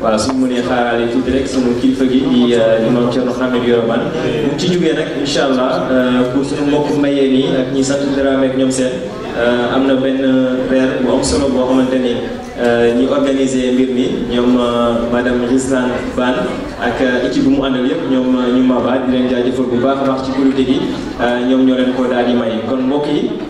voilà suñu mënee xaaraale tuuti rek sunu kilifa gi di euh, moom Thierno Hamidou Yoro Bane bu ci jógee nag incha allah euh, pour suñu mbokk mayeen yi ak ñi sant Dramé ak ñoom seen euh, am na benn reer bu am boo xamante ni ñi organiser mbir mi ñoom madame Rizlan Bane ak équipe bu mu àndal yëpp ñoom ñu maba di leen jaajëfal bu baax a baax ci kuréel gi ñoom ñoo leen ko daal di may kon mbokk yi.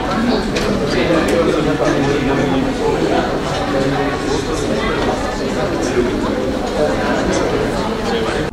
すごい。